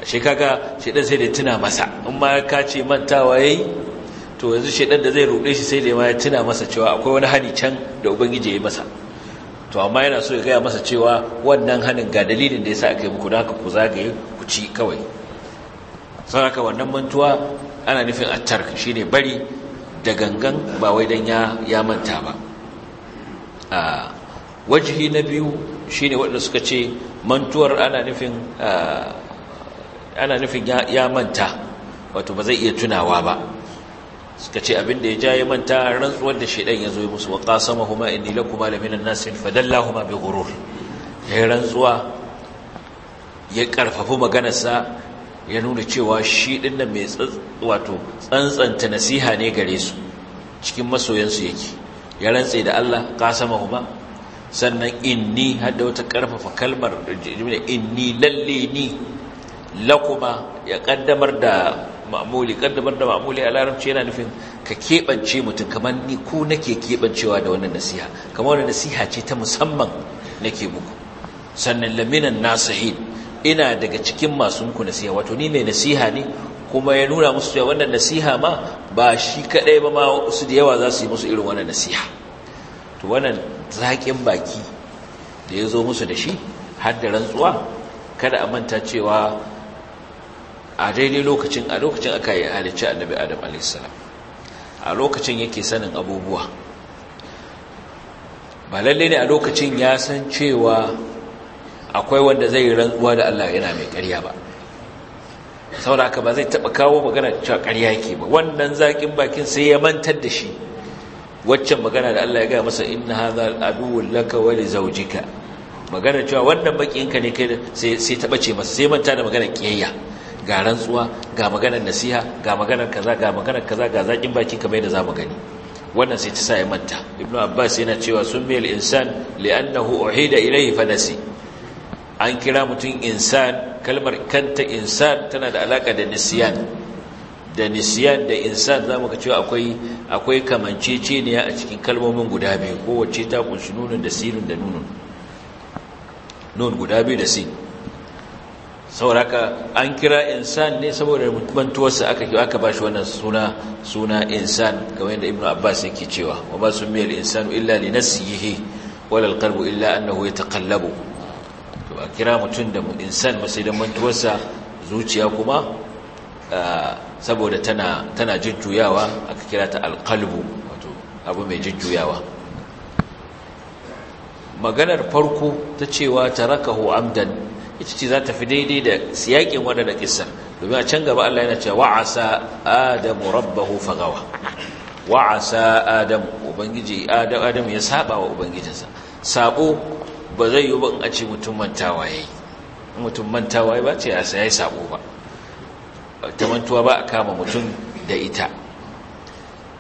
a shekaga kaga sai da ya tuna masa in ma ka ce mantawa yi to yanzu shedan da zai rude shi sai da ya tuna masa cewa akwai wani hani can da ubangiji ya yi masa to amma yana so ya gaya masa cewa wannan hannun ga dalilin da ya sa aka yi muku da haka ku zagaye ku ci kawai saraka wannan mantuwa ana nufin a attar shi ne bari da gangan ba wai don ya manta ba a wajihi na biyu shi ne waɗanda suka ce mantuwar ana nufin ya manta wato ba zai iya tunawa ba suka ce abinda ya ja ya manta rantsuwar da shaidan ya zo musu wa qasama huma inni lakuma laminan nasin fadallahuma bi ghurur ya rantsuwa ya karfafu maganarsa ya nuna cewa shi din nan mai wato tsantsanta nasiha ne gare su cikin masoyansu yake ya rantse da Allah qasama huma sannan inni hadda wata karfafa kalmar inni lalle ni lakuma ya kaddamar da ma'amuli kaddamar da ma'amuli a larabci yana nufin ka keɓance mutum kamar ni ku nake keɓancewa da wannan nasiha kamar wannan nasiha ce ta musamman nake muku sannan laminan nasihin ina daga cikin masu muku nasiha wato ni mai nasiha ne kuma ya nuna musu cewa wannan nasiha ma ba shi kaɗai ba ma su da yawa za su yi musu irin wannan nasiha to wannan zaƙin baki da ya zo musu da shi har da rantsuwa kada a manta cewa a daidai lokacin a lokacin aka yi halicci annabi adam alaihissalam a lokacin yake sanin abubuwa ba lallai ne a lokacin ya san cewa akwai wanda zai rantsuwa da Allah yana mai karya ba saboda haka ba zai taɓa kawo magana cewa ƙarya yake ba wannan zaƙin bakin sai ya mantar da shi waccan magana da Allah ya gaya masa "Ina haza aduwwul laka wani zaujika magana cewa wannan bakinka ne kai sai ta taɓa ce masa sai manta da magana kiyayya ga rantsuwa ga maganar nasiha ga maganar kaza ga maganar kaza ga zakin baki kamar yadda zamu gani wannan sai ta sa ya manta ibnu abbas yana cewa summiyal insan li'annahu uhida ilayhi fanasi an kira mutum insan kalmar kanta insan tana da alaka da nisyan da nisyan da insan zamu ga cewa akwai akwai kamanceceniya a cikin kalmomin guda biyu kowace ta kunshi nunun da sirrin da nunun nun guda biyu da sin sauraka an kira insan ne saboda mantuwarsa aka aka bashi wannan suna suna insan kamar yadda ibnu abbas yake cewa wa ba su miyar insanu illa li nasihi wala alqalbu illa annahu yataqallabu to ba kira mutun da insan ba sai da mantuwarsa zuciya kuma saboda tana tana jujjuyawa aka kira ta alqalbu wato abu mai jujjuyawa maganar farko ta cewa tarakahu amdan ita ce za ta fi daidai da siyakin waɗanda ƙisar domin a can gaba Allah yana cewa asa adamu rabbahu fagawa asa adamu ubangiji adamu ya saba wa ubangijinsa sabo ba zai yi ba a ce mutum mantawa yi mutum mantawa ba ce a sai sabo ba ta mantuwa ba a kama mutum da ita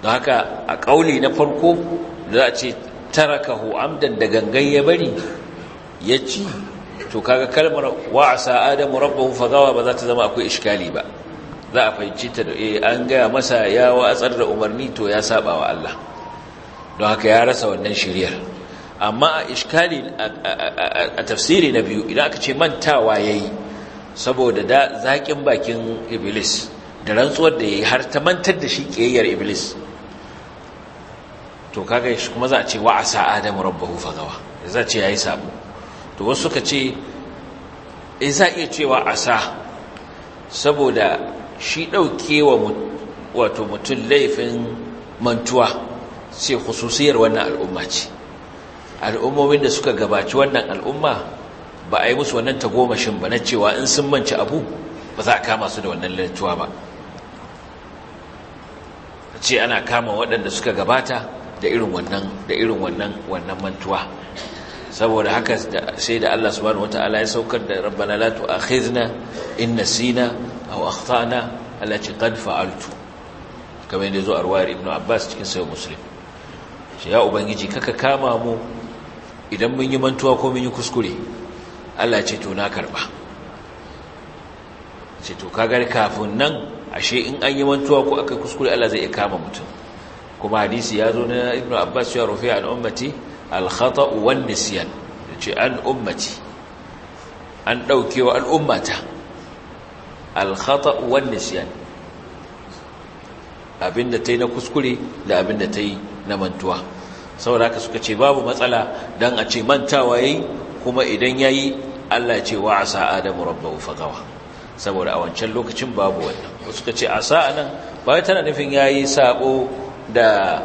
don haka a ƙauli na farko za a ce ho amdan da gangan ya bari ya ci to kaga kalmar wa'asa adamu rabbahu fagawa ba za ta zama akwai iskali ba za a fahimci ta da eh an ga masa ya watsar da umarni to ya saba wa Allah don haka ya rasa wannan shiriyar amma a iskali a tafsiri na biyu idan aka ce mantawa yayi saboda da zakin bakin iblis da rantsuwar da yayi har ta mantar da shi kiyayyar iblis to kaga shi kuma za a ce asa adamu rabbahu fagawa za a ce yayi sabo to wasu suka ce e za iya cewa asa saboda shi ɗauke wa wato mutum laifin mantuwa sai khususiyar wannan al'umma ce al'ummomin da suka gabaci wannan al'umma ba a yi musu wannan tagomashin ba na cewa in sun manci abu ba za a kama su da wannan lantuwa ba ce ana kama waɗanda suka gabata da irin wannan mantuwa saboda haka sai da Allah subhanahu wataala ya saukar da rabbana la tu'akhidna in nasina aw akhtana Allah ce qad fa'altu kamar yadda zo arwayar ibnu abbas cikin sahih muslim shi ya ubangiji kaka kama mu idan mun yi mantuwa ko mun yi kuskure Allah ce to na karba ce to kaga kafin nan ashe in an yi mantuwa ko akai kuskure Allah zai iya kama mutum kuma hadisi ya zo na ibnu abbas ya rufi an ummati al-khata'u nisyan an ummati an wa al'ummata al-khata'u nisyan abinda tai na kuskure da abinda tai na mantuwa saboda haka suka ce babu matsala dan a ce mantawa yayi kuma idan yayi Allah ce wa asa adamu rabbahu fagawa saboda a wancan lokacin babu wannan suka ce asa anan ba tana nufin yayi sabo da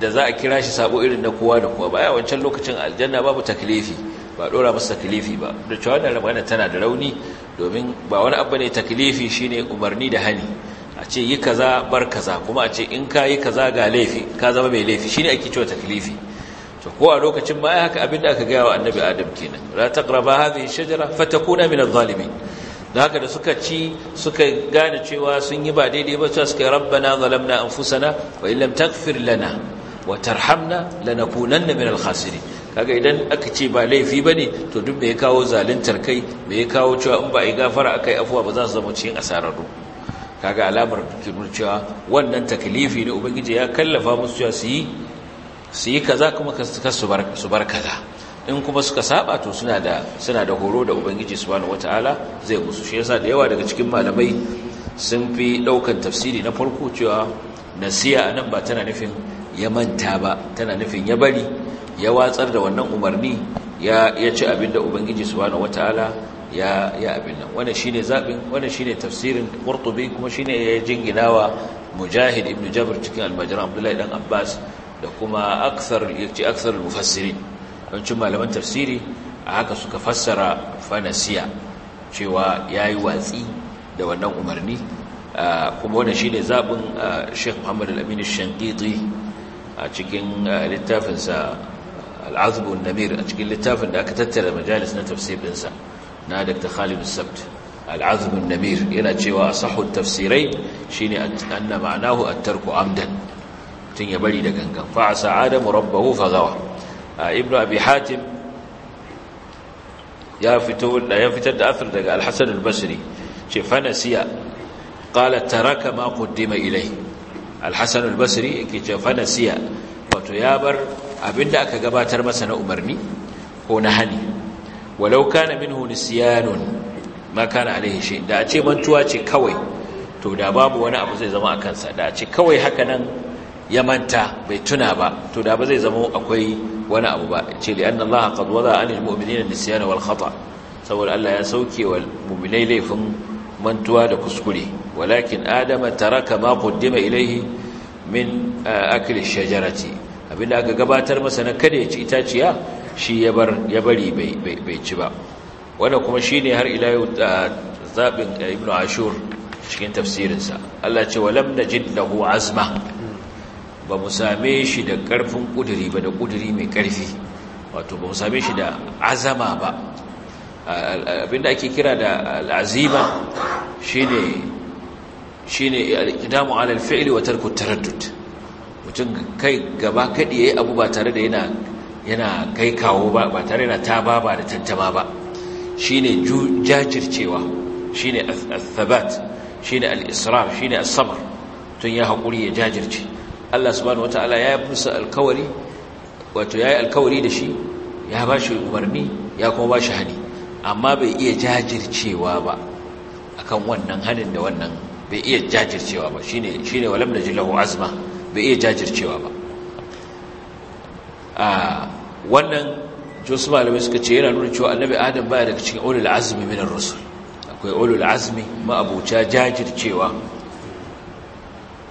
da za a kira shi sabo irin na kowa da kowa baya wancan lokacin aljanna babu taklifi ba dora musu taklifi ba da cewa wannan magana tana da rauni domin ba wani abu ne taklifi shine umarni da hani a ce yi kaza bar kaza kuma a ce in ka yi kaza ga laifi ka zama mai laifi shine ake cewa taklifi to ko a lokacin ba haka abin da aka gaya wa annabi adam kenan la taqraba hadhihi shajara fatakuna min adh-dhalimin da haka da suka ci suka gane cewa sun yi ba daidai ba suka rabbana zalamna anfusana wa illam taghfir lana wa tarhamna lanakunanna min al-khasirin kaga idan aka ce ba laifi bane to duk me ya kawo zaluntar kai me ya kawo cewa in ba ai gafara akai afuwa ba za su zama cikin asararru kaga alamar kimur cewa wannan taklifi ne ubangiji ya kallafa musu cewa su yi su yi kaza kuma su su bar kaza in kuma suka saba to suna da suna da horo da ubangiji subhanahu wataala zai musu shi yasa da yawa daga cikin malamai sun fi daukan tafsiri na farko cewa nasiya anan ba tana nufin ya manta ba tana nufin ya bari ya watsar da wannan umarni ya ci abin da ubangiji subhanahu wataala ya ya abin nan wannan shine zabin wannan shine tafsirin qurtubi kuma shine ya jinginawa mujahid ibn jabr cikin al-majra abdullahi dan abbas da kuma aksar yace aksar mufassirin wancin malaman tafsiri a haka suka fassara fanasiya cewa yayi watsi da wannan umarni ah, kuma wannan shine zabin ah, Sheikh Muhammad Al-Amin al a cikin littafinsa al'azbun namir a cikin littafin da aka tattara majalis na tafsirinsa na dr khalid sabt al'azbun namir yana cewa a sahun tafsirai shi ne anna ma'anahu a tarko amdan tun ya bari da gangan fa'asa adamu rabbahu fagawa ibn abi hatim ya fitar da afir daga alhassan albasri ce fanasiya ƙala taraka ma kuddima ilai alhassan albasri yake ce fanasiya wato ya bar abinda aka gabatar masa na umarni ko na hani walau kana minhu nisyanun ma kana alaihi shi. da a ce mantuwa ce kawai to da babu wani abu zai zama a kansa da a ce kawai haka nan ya manta bai tuna ba to da ba zai zama akwai wani abu ba ce li anna allaha qad wada anil mu'minina nisyana wal khata saboda Allah ya sauke wa mu'minai laifin mantuwa da kuskure walakin adama taraka ma qaddima ilayhi min akli shajarati abinda aka gabatar masa na kada ya ci itaciya shi ya bar ya bari bai ci ba wannan kuma shine har ila yau zabin ibnu ashur cikin tafsirinsa Allah ce walam najid lahu azma ba mu same shi da ƙarfin ƙuduri ba da ƙuduri mai ƙarfi wato ba mu same shi da azama ba abinda ake kira da al'azima shine shine alqidamu ala al wa tarku taraddud mutum kai gaba kadi yayi abu ba tare da yana yana kai kawo ba ba tare da taba ba da tantama ba shine jajircewa shine al-thabat shine al-israr shine as-sabr tun ya hakuri ya jajirce Allah subhanahu wataala ya musu alkawari wato yayi alkawari da shi ya bashi umarni ya kuma bashi hani amma bai iya jajircewa ba akan wannan hanin da wannan bai iya jajircewa ba shine shine walam najlahu azma bai iya jajircewa ba a ah, wannan josu malamai suka ce yana nuna cewa annabi adam baya daga cikin ulul azmi min ar-rusul akwai ulul azmi ma'abuta jajircewa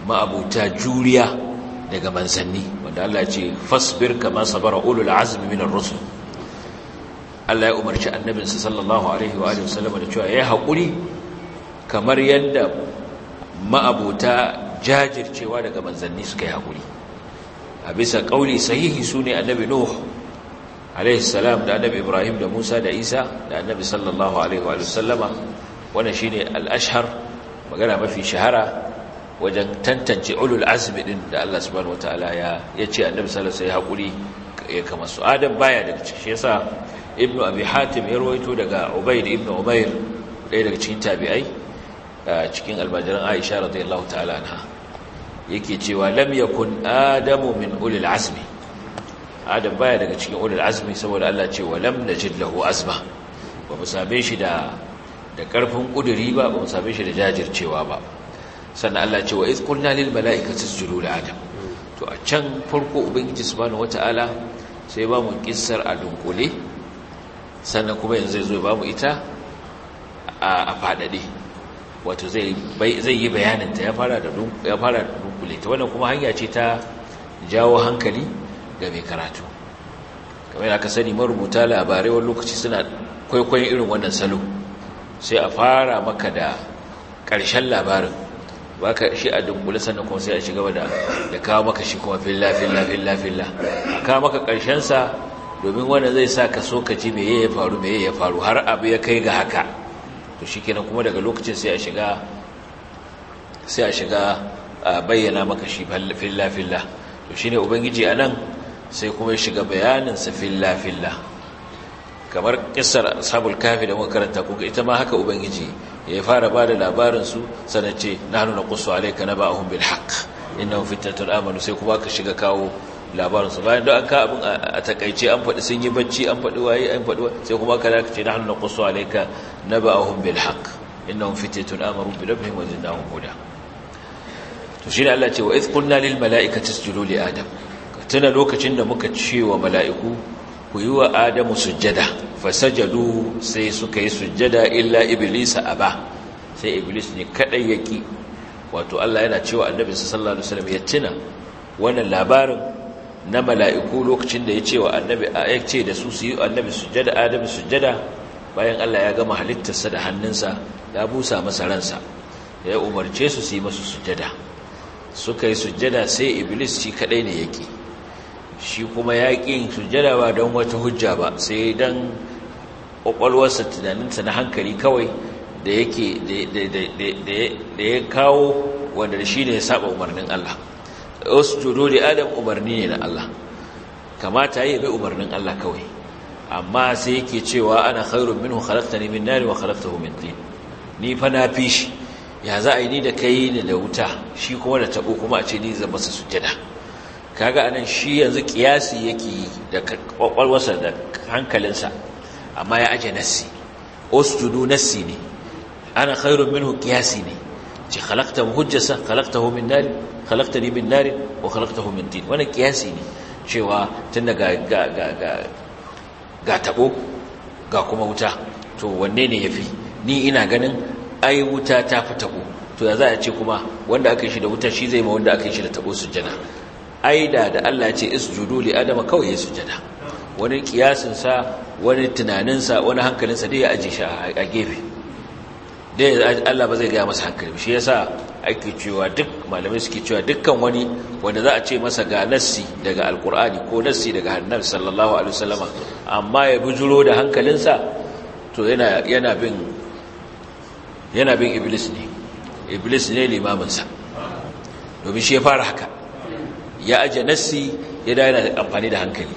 ma'abuta juriya daga manzanni wanda Allah ya ce fasbir kama sabara ulul azmi min ar-rusul Allah ya umarci annabinsa sallallahu alaihi wa sallama da cewa ya yi haƙuri kamar yadda ma'abuta jajircewa daga manzanni suka yi haƙuri a bisa ƙauli sahihi su ne annabi nuh alaihi salam da annabi ibrahim da musa da isa da annabi sallallahu alaihi wa sallama wannan shine al magana mafi shahara wajen tantance ulul azmi din da Allah subhanahu wataala ya ce annabi sallallahu alaihi wa haƙuri ya kama su adam baya daga cikin shi yasa ibnu abi hatim ya rawaito daga ubayd ibnu umair Daya daga cikin tabi'ai cikin almajiran aisha radiyallahu ta'ala anha yake cewa lam yakun adamu min ulil azmi adam baya daga cikin ulil azmi saboda Allah ce wa lam najid lahu azma ba mu same shi da da karfin kuduri ba ba mu same shi da jajircewa ba sannan Allah ce wa iz qulna lil mala'ikati isjudu li adam to a can farko ubangiji subhanahu wata'ala sai ba mu kissar a dunkule sannan kuma yanzu zai zo ba mu ita a fadade. wato zai yi bayaninta ya fara da dunkule ta wannan kuma hanya ce ta jawo hankali ga mai karatu kamar aka sani marubuta labarai wani lokaci suna kwaikwayon irin wannan salo sai a fara maka da ƙarshen labarin ba ka shi a dunkule sannan kuma sai a shiga da kawo maka shi kuma filla filla filla filla a kawo maka ƙarshensa domin wanda zai sa ka so ka ji me ya faru me ya faru har abu ya kai ga haka to kenan kuma daga lokacin sai a shiga sai a shiga bayyana maka shi filla filla to shine ubangiji nan sai kuma ya shiga bayanin sa filla filla kamar kissar sabul kafi da muka karanta kuka ita ma haka ubangiji ya fara ba da labarinsu sanace nahnu naqussu alayka naba'ahum bil haqq inna fitnatun amanu sai kuma ka shiga kawo labarinsu bayan da an ka abin a takaice an faɗi sun yi bacci an faɗi waye an faɗi sai kuma ka zaka ce na hannun kusa alaika na ba'ahun bil haq innahum fitatun amaru bi rabbihim wa zidnahum huda to ne Allah ce wa iz qulna lil mala'ikati isjudu li adam tuna lokacin da muka ce wa mala'iku ku yi wa adamu sujjada fasajadu sai suka yi sujjada illa iblisa aba sai iblis ne kadai yaki wato Allah yana cewa annabi sallallahu alaihi wasallam ya tuna wannan labarin na mala'iku lokacin da ya ce wa annabi ya ce da su su yi annabi sujjada adabi sujjada bayan Allah ya gama halittarsa da hannunsa ya busa masa ransa ya umarce su su yi masu sujjada suka yi sujjada sai iblis shi kadai ne yake shi kuma yaƙin sujada ba don wata hujja ba sai don ƙwaƙwalwarsa tunaninsa na hankali kawai da ya kawo wanda shi ne ya saba umarnin Allah usjudu li adam umarni ne na Allah kamata yi bai umarnin Allah kawai amma sai yake cewa ana khairun minhu khalaqtani min nar wa khalaqtahu min tin ni fa na fi shi ya za a yi ni da kai ni da wuta shi kuma da tabo kuma a ce ni zan masa sujada kaga anan shi yanzu kiyasi yake yi da kwakwalwarsa da hankalinsa amma ya aje nasi usjudu nasi ne ana khairun minhu kiyasi ne ce khalaqtahu hujjasa khalaqtahu min nar khalaqtani min nar wa khalaqtahu min tin wannan kiyasi ne cewa tunda ga ga ga tabo ga kuma wuta to wanne ne yafi ni ina ganin ai wuta ta fi tabo to ya za a ce kuma wanda aka yi shi da wuta shi zai ma wanda aka yi shi da tabo sujjada ai da da Allah ya ce isjudu li adama kawai ya sujjada wani kiyasin sa wani tunanin wani hankalinsa sa dai ya aje shi a gefe dai Allah ba zai gaya masa hankali shi yasa ake cewa duk malamai suke cewa dukkan wani wanda za a ce masa ga nassi daga alkur'ani ko nassi daga hannar sallallahu alaihi wasallama amma ya bujuro da hankalinsa to yana bin iblis ne iblis ne limamin sa domin shi ya fara haka ya aje nassi ya da yana amfani da hankali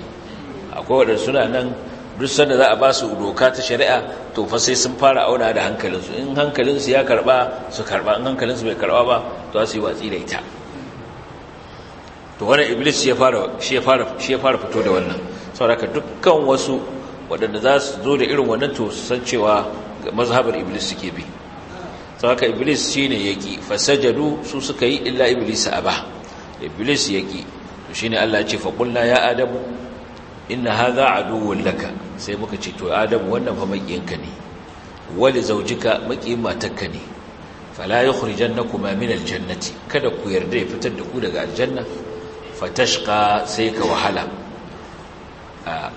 akwai waɗansu na nan duk sanda za a ba su doka ta shari'a to fa sai sun fara auna da hankalinsu in hankalinsu ya karba su karba in hankalinsu bai karba ba to za su yi watsi da ita to wannan iblis shi ya fara shi ya fara shi ya fara fito da wannan saboda dukkan wasu waɗanda za su zo da irin wannan to su san cewa mazhabar iblis suke bi saboda iblis shine yaki fasajadu su suka yi illa iblis aba iblis yaki to shine Allah ya ce fa qulna ya adamu inna hadha aduwwun laka sai muka ce to adam wannan fa makiyinka ne wali zaujika makiyin matarka ne fala yukhrijannakuma min aljannati kada ku yarda ya fitar da ku daga aljanna fatashqa sai ka wahala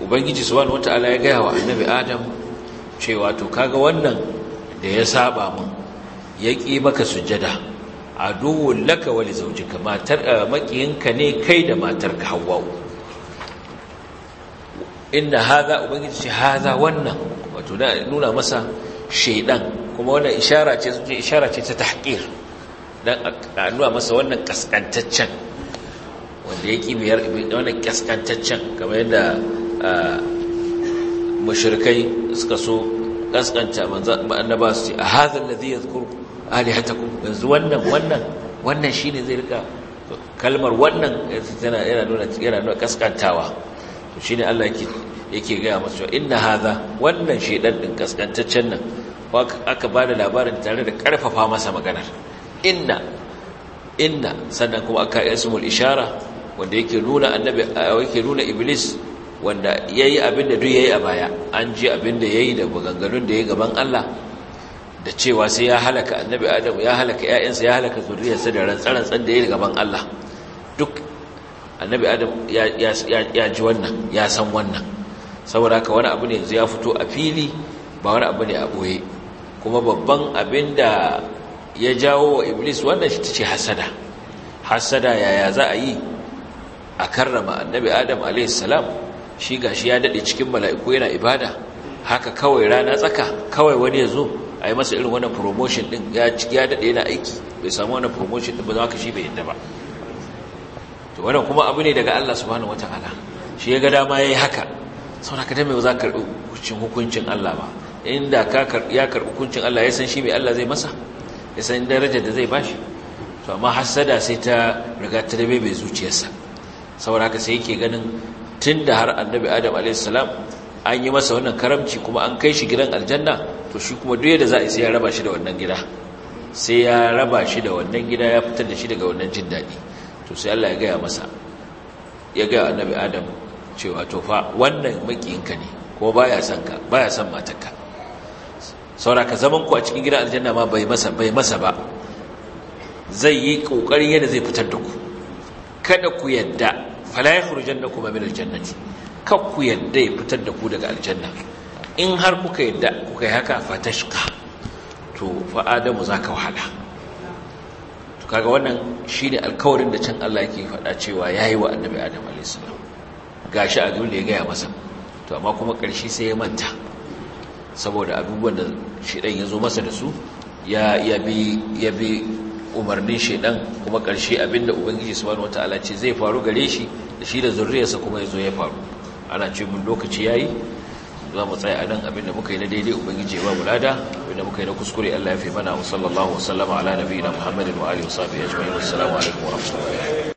ubangiji subhanahu wataala ya gaya wa annabi adam cewa to kaga wannan da ya saba mun ya ƙi maka sujada aduwwun laka wali zaujika matar makiyinka ne kai da matarka hawwa inna haza ubangiji ce haza wannan wato da nuna masa shaidan kuma wannan ishara ce suke ishara ce ta tahqir dan a nuna masa wannan kaskantaccen wanda ya ki biyar wannan kaskantaccen kamar yadda mushrikai suka so kaskanta manzan annaba su ce a haza alladhi yadhkuru alihatakum yanzu wannan wannan wannan shine zai rika kalmar wannan yana nuna yana nuna kaskantawa to ne Allah yake gaya masa inna hadha wannan shedan din kaskantaccen nan aka bada labarin tare da karfafa masa maganar inna inna sannan kuma aka ismul ishara wanda yake nuna annabi yake nuna iblis wanda yayi abin da duk yi a baya an ji abin da yi da maganganun da yayi gaban Allah da cewa sai ya halaka annabi Adamu ya halaka 'ya'yansa, ya halaka zuriyarsa da rantsarantsar da yi gaban Allah duk annabi adam ya ji wannan ya san wannan saboda haka wani abu ne zai ya fito a fili ba wani abu ne a ɓoye kuma babban abin da ya jawo wa iblis wannan shi ta ce hasada hasada yaya za a yi a karrama annabi adam alaihissalam shi ga shi ya daɗe cikin mala'iku yana ibada haka kawai rana tsaka kawai wani ya zo a yi masa irin wani promotion ɗin ya daɗe yana aiki bai samu wani promotion ɗin ba za ka shi bai yadda ba to wannan kuma abu ne daga Allah subhanahu wataala shi ya ga dama yayi haka saboda ka dame ba za ka karbi hukuncin Allah ba inda ka ya karbi hukuncin Allah ya san shi mai Allah zai masa ya san darajar da zai bashi to amma hasada sai ta riga ta da bai zuciyarsa saboda haka sai yake ganin tunda har annabi Adam alayhi salam an yi masa wannan karamci kuma an kai shi gidan aljanna to shi kuma duk yadda za a sai ya raba shi da wannan gida sai ya raba shi da wannan gida ya fitar da shi daga wannan jin daɗi to sai Allah ya gaya masa ya gaya annabi adam cewa to fa wannan makiyinka ne ko baya son ka baya son matarka saura ka zaman ku a cikin gidan aljanna ma bai masa bai masa ba zai yi kokarin yadda zai fitar da ku kada ku yadda fala yakhrujannakum min aljannati kak ku yadda ya fitar da ku daga aljanna in har kuka yadda kuka yi haka fatashka to fa adamu zaka wahala kaga wannan shine alkawarin da can Allah yake faɗa cewa ya yayi wa annabi Adam alayhi salam gashi a da ya gaya masa to amma kuma ƙarshe sai ya manta saboda abubuwan da shedan ya zo masa da su ya bi ya bi umarnin shedan kuma ƙarshe abinda ubangiji subhanahu wataala ce zai faru gare shi da shi da zurriyarsa kuma ya zo ya faru ana ce mun lokaci yayi za mu tsaya a nan abinda muka yi na daidai ubangiji ya ba mu lada da muka yi na kuskure Allah ya fi mana wa sallallahu wa sallama ala nabiyina Muhammadin wa alihi wa sahbihi ajma'in assalamu alaikum wa rahmatullahi